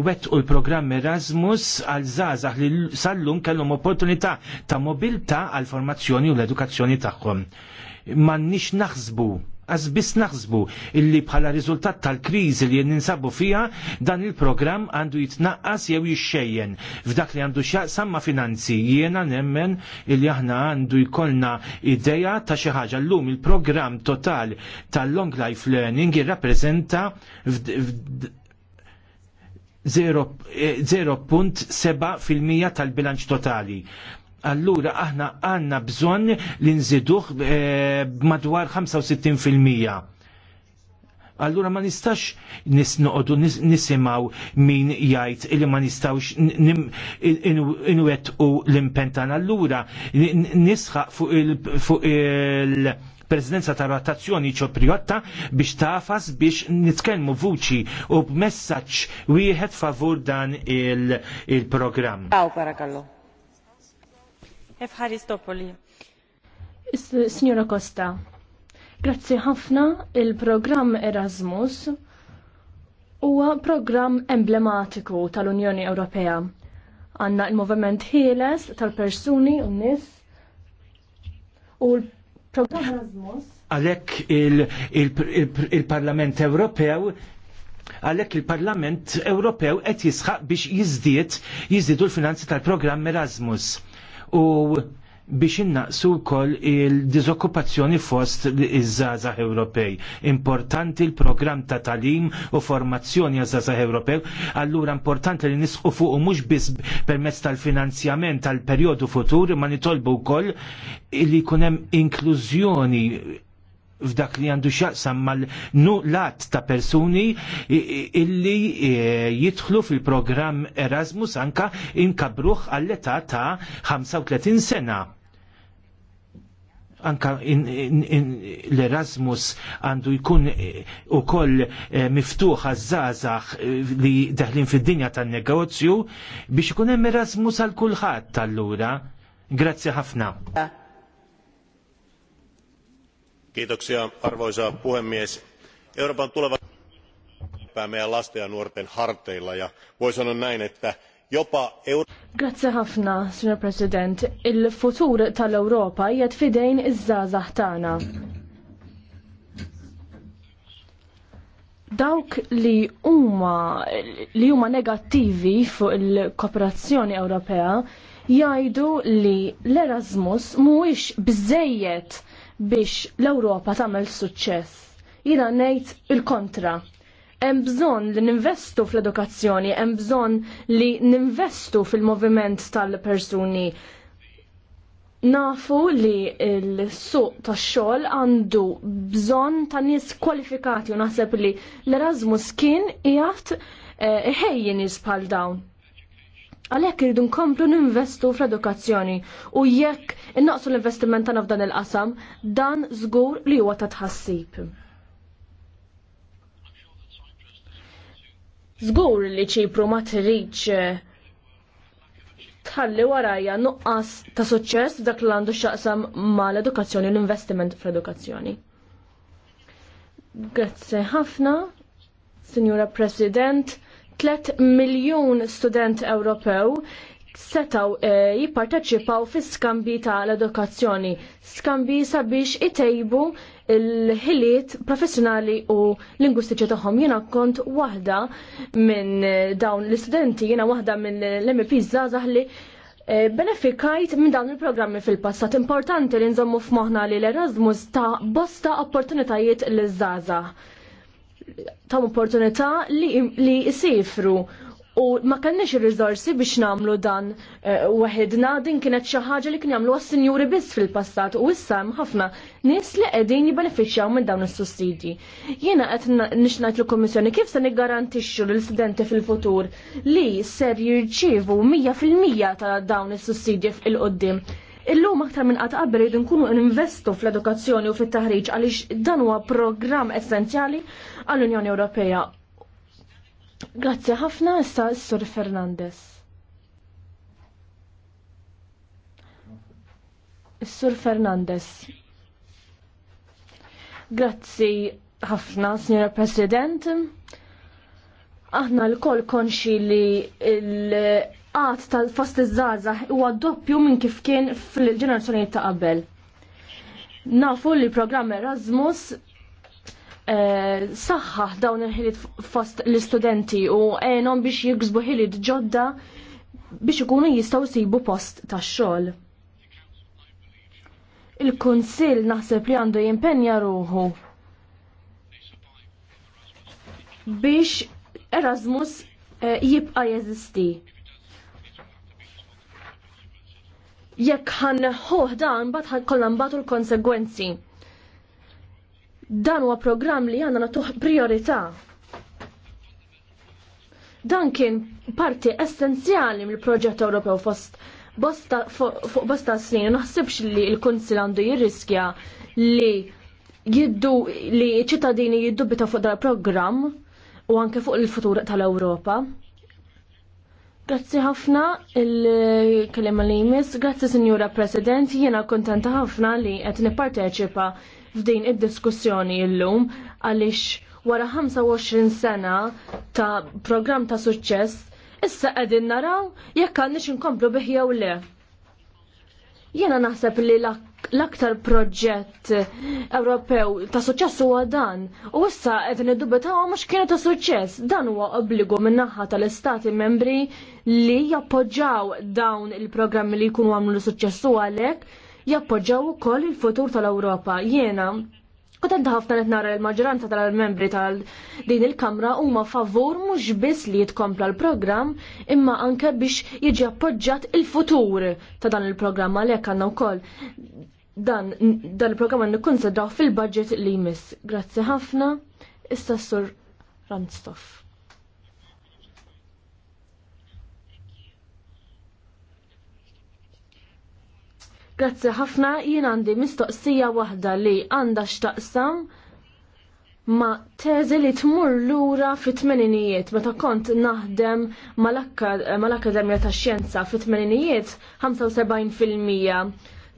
Speaker 4: u l-programm Erasmus għal żgħażagħ li sallum kellhom opportunità ta' mobilta għal formazzjoni u l-edukazzjoni tagħhom. Ma nix naħsbu bis naħsbu illi bħala riżultat tal-kriżi li ninsabu fija dan il-programm għandu jitnaqqas jew jixxejjen f'dak li għandu xaq samma finanzi. Jiena nemmen illi aħna għandu jkollna ideja ta' xi ħaġa llum il-programm total tal-Long Life Learning jirrappreżenta 0.7% eh, tal-bilanċ totali allura aħna għanna bżonn li nżiduh b'madwar eh, 65%. Allura ma nistax nisnoqdu nisimaw min jgħid li ma nistax inwetqu l-impentan. Allura nisħaq fuq il prezidenza ta' rotazzjoni ċopriotta biex tafas biex nitkellmu vuċi u b'messaġġ wieħed favur dan il-programm. Il Aw, parakallu.
Speaker 5: Signora Costa, grazzi ħafna il-programm Erasmus huwa programm emblematiku tal-Unjoni Ewropea. Għanna il-movement ħieles tal-persuni u nis u l-programm Erasmus.
Speaker 4: Għalek il-Parlament Ewropew għalek il-Parlament Ewropew qed jisħaq biex jizdiet jizdidu l-finanzi tal-programm Erasmus u biex innaqsu wkoll il-diżokkupazzjoni fost iż-żgħażagħ Ewropej. Importanti l-programm ta' talim u formazzjoni għaż-żgħażagħ Ewropew, allura importanti li nisqu fuq mhux biss permezz tal-finanzjament tal-perjodu futur ma nitolbu wkoll li jkun hemm inklużjoni f'dak li għandu xaqsam mal-nuqlat ta' persuni illi e, jidħlu fil-programm Erasmus anka inkabruħ għall-età ta' 35 sena. Anka l-Erasmus għandu jkun e, u koll e, miftuħ għazzazax li daħlin fid-dinja tan-negozju biex ikun hemm Erasmus għal kulħadd tal-lura. Grazzi ħafna arvoisa puhemies. Euroopan tuleva lepää meidän lasten ja nuorten harteilla ja voi sanoa näin, että jopa Euro...
Speaker 5: Grazie ħafna, Sr. President. Il-futur tal-Europa jgħet fidejn iż-żazah tagħna. Dawk li huma li huma negattivi fuq il-Kooperazzjoni Ewropea jgħidu li l-Erasmus mhuwiex biżejjed biex l-Ewropa tagħmel suċċess. Jiena ngħid il-kontra. Hemm bżonn li ninvestu fl-edukazzjoni, hemm bżonn li ninvestu fil-moviment tal-persuni. Nafu li l-suq tax-xogħol għandu bżonn ta' nies kwalifikati u naħseb li l-Erasmus kien qiegħed iħejjin eh, nies bħal dawn. Għalhekk irridu nkomplu ninvestu fl-edukazzjoni u jekk innaqsu l-investiment tagħna f'dan il-qasam, dan żgur li huwa ta' tħassib. Żgur li ċipru ma tridx eh, tħalli warajja nuqqas ta' suċċess dak li għandu x'aqsam mal-edukazzjoni l-investiment fl-edukazzjoni. Grazzi ħafna, Signora President 3 miljun student Ewropew setaw e, jipparteċipaw fi skambi tal edukazzjoni skambi sabiex itejbu il-ħiliet professjonali u lingwistiċi tagħhom. Jiena kont waħda minn eh, dawn l-istudenti, jiena waħda minn l mps żgħażagħ li eh, benefikajt minn dawn il-programmi fil-passat importanti li nżommu f'moħħna li l-Erasmus ta' bosta opportunitajiet l żgħażagħ ta' opportunità li, li jisifru u ma kenniex ir-riżorsi biex nagħmlu dan uh, eh, waħedna din kienet xi ħaġa li kien jagħmlu għas-sinjuri biss fil-passat u issa hemm ħafna nies li qegħdin jibbenefiċċjaw minn dawn is-sussidji. Jiena qed nixnajt ngħid lill-Kummissjoni kif se niggarantixxu lill-studenti fil-futur li ser jirċievu 100 fil-mija ta' dawn is-sussidji fil qoddim Illum aktar minn qatt qabel jridu nkunu investu fl-edukazzjoni u fit-taħriġ għaliex dan huwa programm essenzjali għall-Unjoni Ewropea. Grazzi ħafna issa Sur Fernandez. Sur Fernandez. Grazzi ħafna, Signora President. Aħna l-kol konxi li l għat tal-fost iż-żgħażagħ huwa doppju minn kif kien fil-ġenerazzjonijiet ta' qabel. Nafu li programm Erasmus eh, saħħa dawn il-ħiliet fost l-istudenti u għenom biex jikżbu ħiliet ġodda biex ikunu jistaw sibu post tax xogħol. Il-Kunsill naħseb li għandu jimpenja ruħu biex Erasmus eh, jibqa jeżisti. jekk ħan hoħ dan bat ħan kollan batu l-konsegwenzi. Dan huwa programm li għandna natuħ priorità. Dan kien parti essenzjali mill-proġett Ewropew fost bosta, fuq bosta snin, naħsibx li l-Kunsil għandu jirriskja li jiddu li ċittadini jiddubita fuq dal-programm u anke fuq il-futur tal-Ewropa. Grazzi ħafna il-kelima li jmiss, grazzi Sinjura President, jiena kontenta ħafna li qed nipparteċipa f'din id-diskussjoni llum għaliex wara 25 sena ta' programm ta' suċċess issa qegħdin naraw jekk għandniex inkomplu bih jew le. Jiena naħseb li l l-aktar proġett Ewropew ta' suċċess huwa dan. U issa qed niddubitaw mhux kienu ta' suċċess. Dan huwa obbligu min-naħa tal-istati membri li jappoġġaw dawn il-programmi li jkunu għamlu suċċess u għalhekk jappoġġaw ukoll il-futur tal-Ewropa. Jiena Kontenta ħafna qed nara l-maġġoranza tal-membri tal din il-Kamra huma favur mhux biss li jitkompla l-programm imma anke biex jiġi appoġġjat il-futur ta' dan il-programm għalhekk għandna wkoll dan dal il-programm għan nikkonsidraw fil-budget li jmiss. Grazzi ħafna, issa sur Randstoff. Grazzi ħafna, jien għandi mistoqsija waħda li għandha x'taqsam ma teżi li tmur lura fit-tmeninijiet meta kont naħdem mal-Akkademja tax Xjenza fit-tmeninijiet 75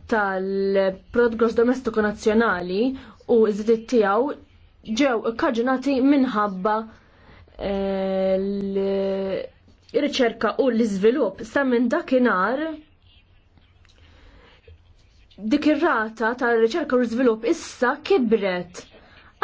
Speaker 5: tal-prodott gross domestiku nazzjonali u iżdiet tiegħu ġew ikkaġunati minħabba eh, l-riċerka u l-iżvilupp sa minn dakinhar dik ir-rata tal-riċerka u l-iżvilupp issa kibret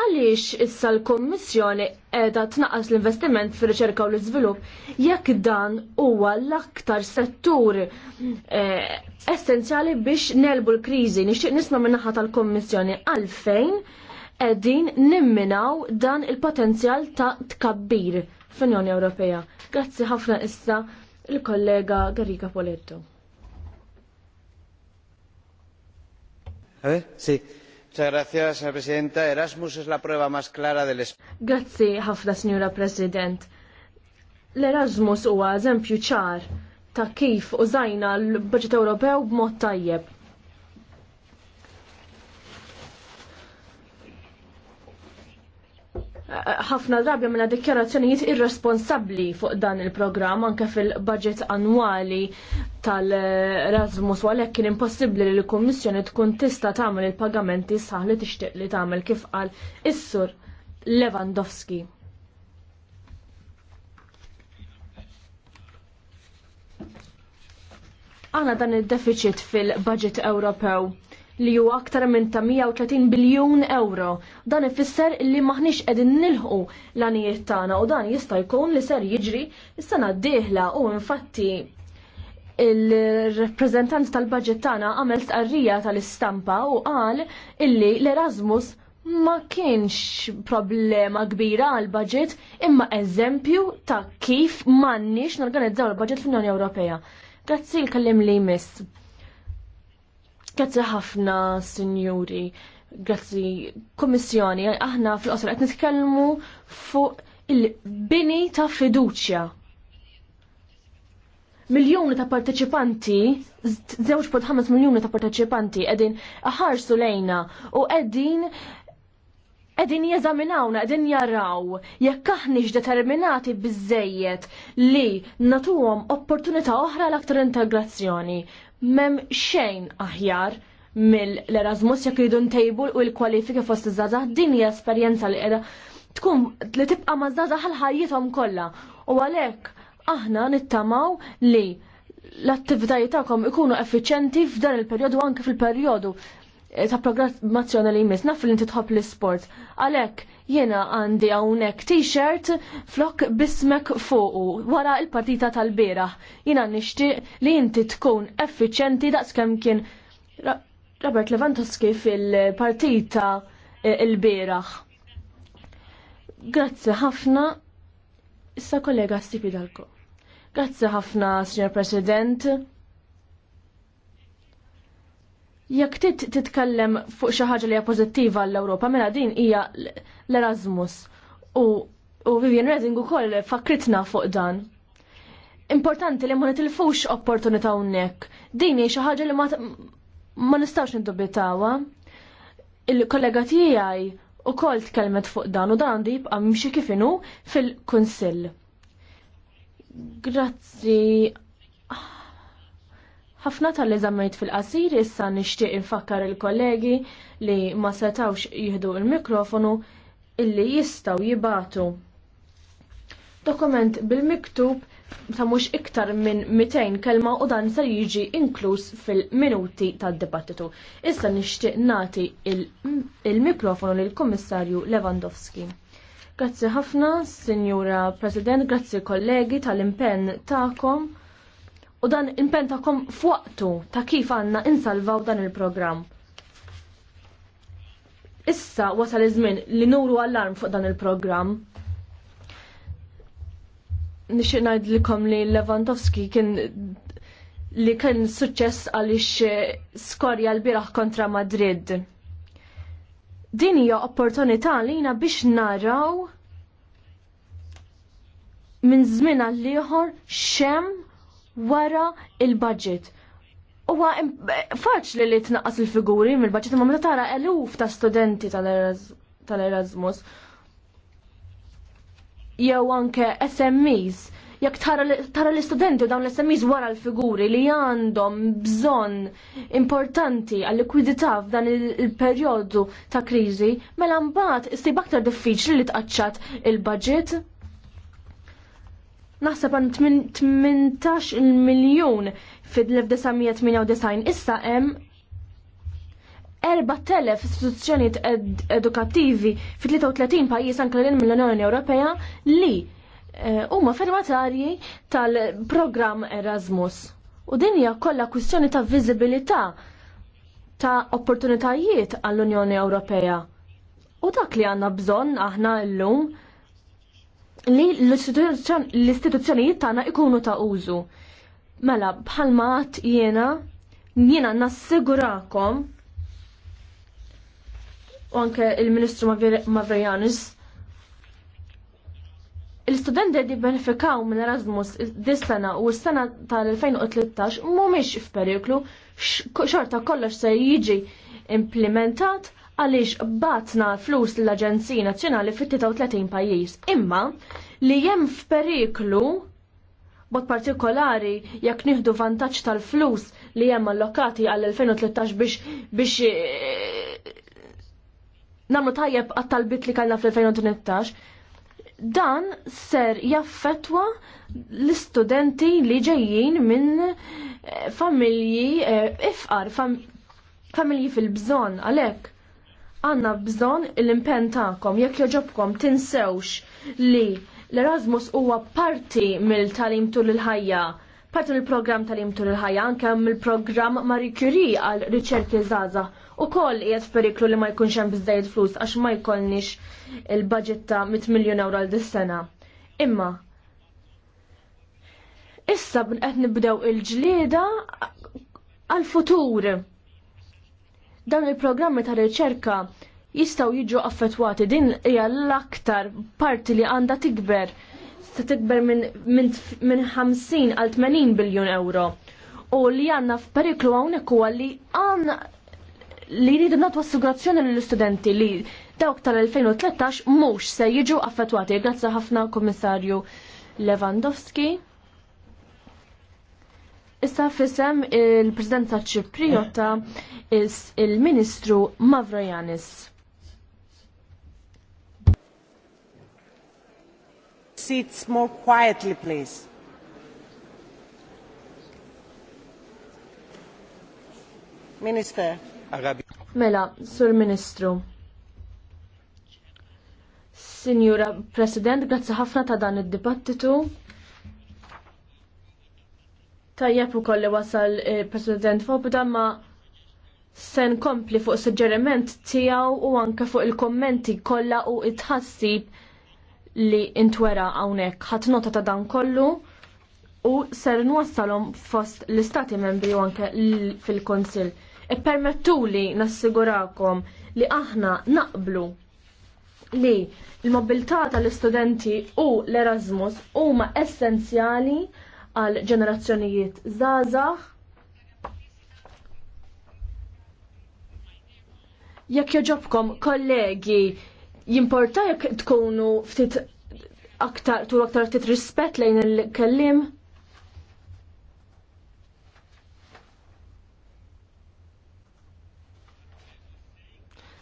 Speaker 5: Għaliex issa l-Kommissjoni edha tnaqqas l-investiment fir riċerka u l-iżvilupp jekk dan huwa l-aktar settur eh, essenzjali biex nelbu l-kriżi. Nixtieq nisma' min-naħa tal-Kommissjoni għalfejn qegħdin nimminaw dan il-potenzjal ta' tkabbir fl-Unjoni Ewropea. Grazzi ħafna issa il-kollega Garriga Poletto.
Speaker 4: Eh, sì. Grazie, Erasmus la prueba Grazzi,
Speaker 5: ħafna, Signora President. L-Erasmus huwa eżempju ċar ta' kif użajna l-Budget Ewropew b'mod tajjeb. ħafna drabi minna dikjarazzjonijiet irresponsabbli fuq dan il-programm anke fil-budget annwali tal-Erasmus u għalhekk kien impossibbli li l-Kummissjoni tkun tista' tagħmel il-pagamenti saħ li tixtieq li tagħmel kif qal is-sur Lewandowski. Għana dan il-deficit fil-budget Ewropew li ju aktar minn ta' 130 biljun euro. Dan ifisser li maħniex qegħdin nilħu l-għanijiet tagħna u dan jista' jkun li ser jiġri s-sena d-dieħla u infatti il reprezentant tal-budget tagħna għamel tqarrija tal-istampa u qal illi l-Erasmus ma kienx problema kbira għal budget imma eżempju ta' kif m'għandniex norganizzaw il-budget fl-Unjoni Ewropea. Grazzi l kallim li jmiss. Grazzi ħafna, Sinjuri. Grazzi, Kommissjoni, aħna fil-qosra qed nitkellmu fuq il-bini ta' fiduċja miljoni ta' parteċipanti, 0.5 miljoni ta' parteċipanti qegħdin ħarsu lejna u qegħdin qegħdin jeżaminawna, qegħdin jarraw, jekk aħniex determinati bizzejiet li natuhom opportunità oħra l-aktar integrazzjoni mem xejn aħjar mill-Erasmus jekk jridu ntejbu u l-kwalifika fost iż-żaza din hija esperjenza li qiegħda tkun li tibqa' ma' żaza ħajjithom kollha. U għalhekk aħna nittamaw li l-attivitajiet tagħkom ikunu effiċenti f'dan il-perjodu anke fil-perjodu ta' programmazzjoni li jmiss, naf li inti tħobb l-sport. Għalek, jena għandi għawnek t-shirt flok bismek fuqu wara il-partita tal-bira. Jena nishti li inti tkun effiċenti daqskemm kien Robert Lewandowski fil-partita e, il-biraħ. Grazzi ħafna, issa kollega Stipi Dalko. Grazzi ħafna, Signor President. Jekk tit titkellem fuq xi ħaġa li hija pożittiva għall-Ewropa, mela din hija l-Erasmus u u Vivian Redding ukoll fakritna fuq dan. Importanti li ma nitilfux opportunità hawnhekk. Din hija xi ħaġa li ma ma nistgħux niddubitawha. Il-kollega tiegħi ukoll tkellmet fuq dan u dan għandu jibqa' m'xi kif inhu fil-Kunsill. Grazzi Ħafna tal-eżamajt fil-qasir issa nixtieq infakkar il-kollegi li ma setawx jihdu il-mikrofonu illi jistaw jibatu. Dokument bil-miktub ta' mhux iktar minn 200 kelma u dan se jiġi inkluż fil-minuti tad-dibattitu. Issa nixtieq nagħti il-mikrofonu lill kummissarju Lewandowski. Grazzi ħafna, Sinjura President, grazzi kollegi tal-impenn tagħkom. U dan impentakom fuqtu ta' kif għanna insalvaw dan il-programm. Issa wasal iż-żmien li nuru allarm fuq dan il-programm. Nixtieq ngħidilkom li Lewandowski kien li kien suċċess għaliex eh, skorja l-biraħ kontra Madrid. Din hija opportunità lina biex naraw minn żmien għal ieħor xem wara il-budget. Huwa faċli li tnaqqas il-figuri mill-budget imma meta tara eluf ta' studenti tal-Erasmus jew anke SMEs jekk tara l-istudenti u dawn l-SMEs wara l-figuri li għandhom bżonn importanti għal likwidità f'dan il-perjodu ta' kriżi, mela mbagħad issib aktar diffiċli li tqaċċat il-budget naħseb għan 18 miljon fid-1998 issa hemm 4,000 istituzzjonijiet ed edukattivi fit-33 pajjiż anke mill-Unjoni Ewropea li eh, huma uh, fermatarji tal-programm Erasmus. U din hija kollha kwistjoni ta' viżibilità ta' opportunitajiet għall-Unjoni Ewropea. U dak li għandna bżonn aħna llum li l-istituzzjonijiet tagħna ikunu ta' użu. Mela, bħalma għat jena, jena nassigurakom, u anke il-Ministru Mavrijanis, il-studenti di benefikaw minn Erasmus dis-sena u s-sena tal-2013 mumiex f'periklu, xorta kollox se jiġi implementat għaliex batna flus l aġenzija Nazzjonali fit-33 pajjiż. Imma li hemm f'periklu mod partikolari jekk nieħdu vantaġġ tal-flus li hemm allokati għall-2013 biex biex e, nagħmlu tajjeb għat-talbit li kellna fl-2013, dan ser jaffetwa l-istudenti li ġejjin minn e, familji e, ifqar, familji fil-bżonn għalhekk għanna bżon l-impen ta'kom, jekk joġobkom tinsewx li l-Erasmus huwa parti mill-talim tul il-ħajja, parti mill-programm talim tul il-ħajja, anke mill-programm Marie Curie għal riċerki zaza. U koll jgħet periklu li ma jkunx hemm biżdejjed flus għax ma jkollniex il-budget ta' 100 miljun euro għal dis-sena. Imma issa qed nibdew il-ġlieda għal-futur Dawn il-programmi ta' riċerka jistaw jiġu affettwati din hija l-aktar parti li għandha tikber se tikber minn min, min 50 għal 80 biljun euro. U li għanna f'periklu hawnhekk huwa li għandna li jridu nagħtu assigurazzjoni lill-istudenti li dawk tal-2013 mhux se jiġu affettwati. Grazzi ħafna Komissarju Lewandowski. Issa fissem il-Presidenza Ċipriota il-Ministru Mavrojanis.
Speaker 4: Seats more quietly, please.
Speaker 5: Minister. Mela, Sur Ministru. Signora President, grazzi ħafna ta' dan id-dibattitu. Tajjeb u kolli wasal il-President eh, Fobda, ma sen kompli fuq suġġeriment tijaw u anke fuq il-kommenti kolla u itħassib li intwera għawnek. ħat nota ta' dan kollu u ser nwassalhom fost l-istati membri u anke fil-konsil. E permettu li nassigurakom li aħna naqblu li l-mobilità tal-istudenti u l-Erasmus huma essenzjali għal ġenerazzjonijiet żgħażagħ. Jekk joġobkom kollegi, jimporta jekk tkunu ftit aktar, tu aktar ftit rispett lejn il-kellim?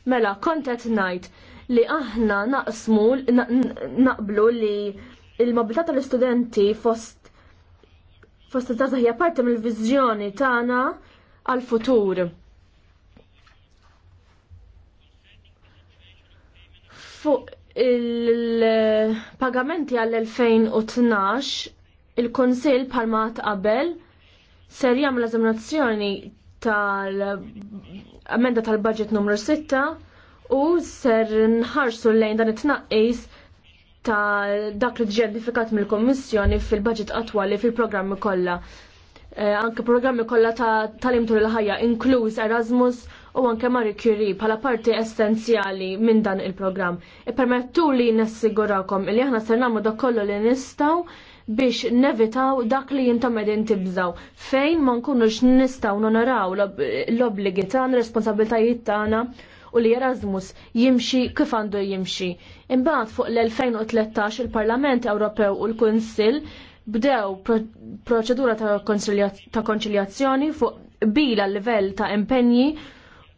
Speaker 5: Mela, kontet najt li aħna naqsmu, naqblu li il-mobilità tal-istudenti fost Fosta iż hija parti mill-viżjoni tagħna għall-futur. Fuq il-pagamenti għall-2012 il-Konsil palma qabel ser jagħmel eżaminazzjoni tal-amenda tal-budget numru 6 u ser nħarsu lejn dan it-tnaqqis ta' dak li ġendifikat mill-Kommissjoni fil-budget attwali fil-programmi kollha. Eh, anke programmi kollha tal-imtur il-ħajja inkluż Erasmus u anke Marie Curie bħala parti essenzjali minn dan il-programm. Ippermettu e li nassigurakom li aħna ser nagħmlu dak kollu li nistgħu biex nevitaw dak li jintom edin tibżaw. Fejn ma nkunux nistaw nonaraw l obbligi tagħna, responsabiltajiet tagħna u li Erasmus jimxi kif għandu jimxi. Imbagħad fuq l-2013 il-Parlament Ewropew u l-Kunsill bdew proċedura ta' konċiljazzjoni fuq bila livell ta' impenji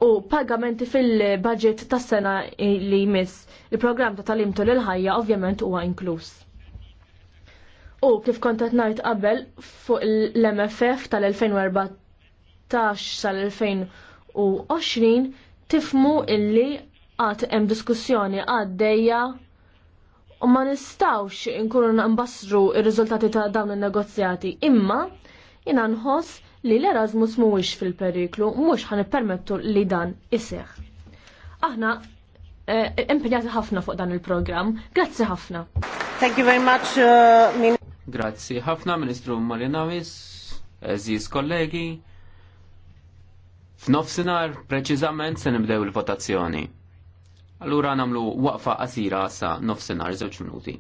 Speaker 5: u pagamenti fil-budget tas sena li jmiss. Il-programm ta' talimtu l-ħajja ovvjament huwa inkluż. U kif kontet najt qabel fuq l-MFF tal-2014 sal-2020 tifmu illi għat hemm diskussjoni għaddejja u ma nistawx inkunu nbassru il riżultati ta' dawn in-negozjati. Imma jina nħoss li l-Erasmus mhuwiex fil-periklu, mhux permettu li dan iseħħ. Aħna eh, impenjati ħafna fuq dan il-programm. Grazzi ħafna. Thank you very much, uh,
Speaker 1: Grazzi ħafna, Ministru Marinawis, Aziz kollegi. F'nofsinhar preċiżament se nibdew il-votazzjoni. Allura nagħmlu waqfa qasira sa nofsinhar żewġ minuti.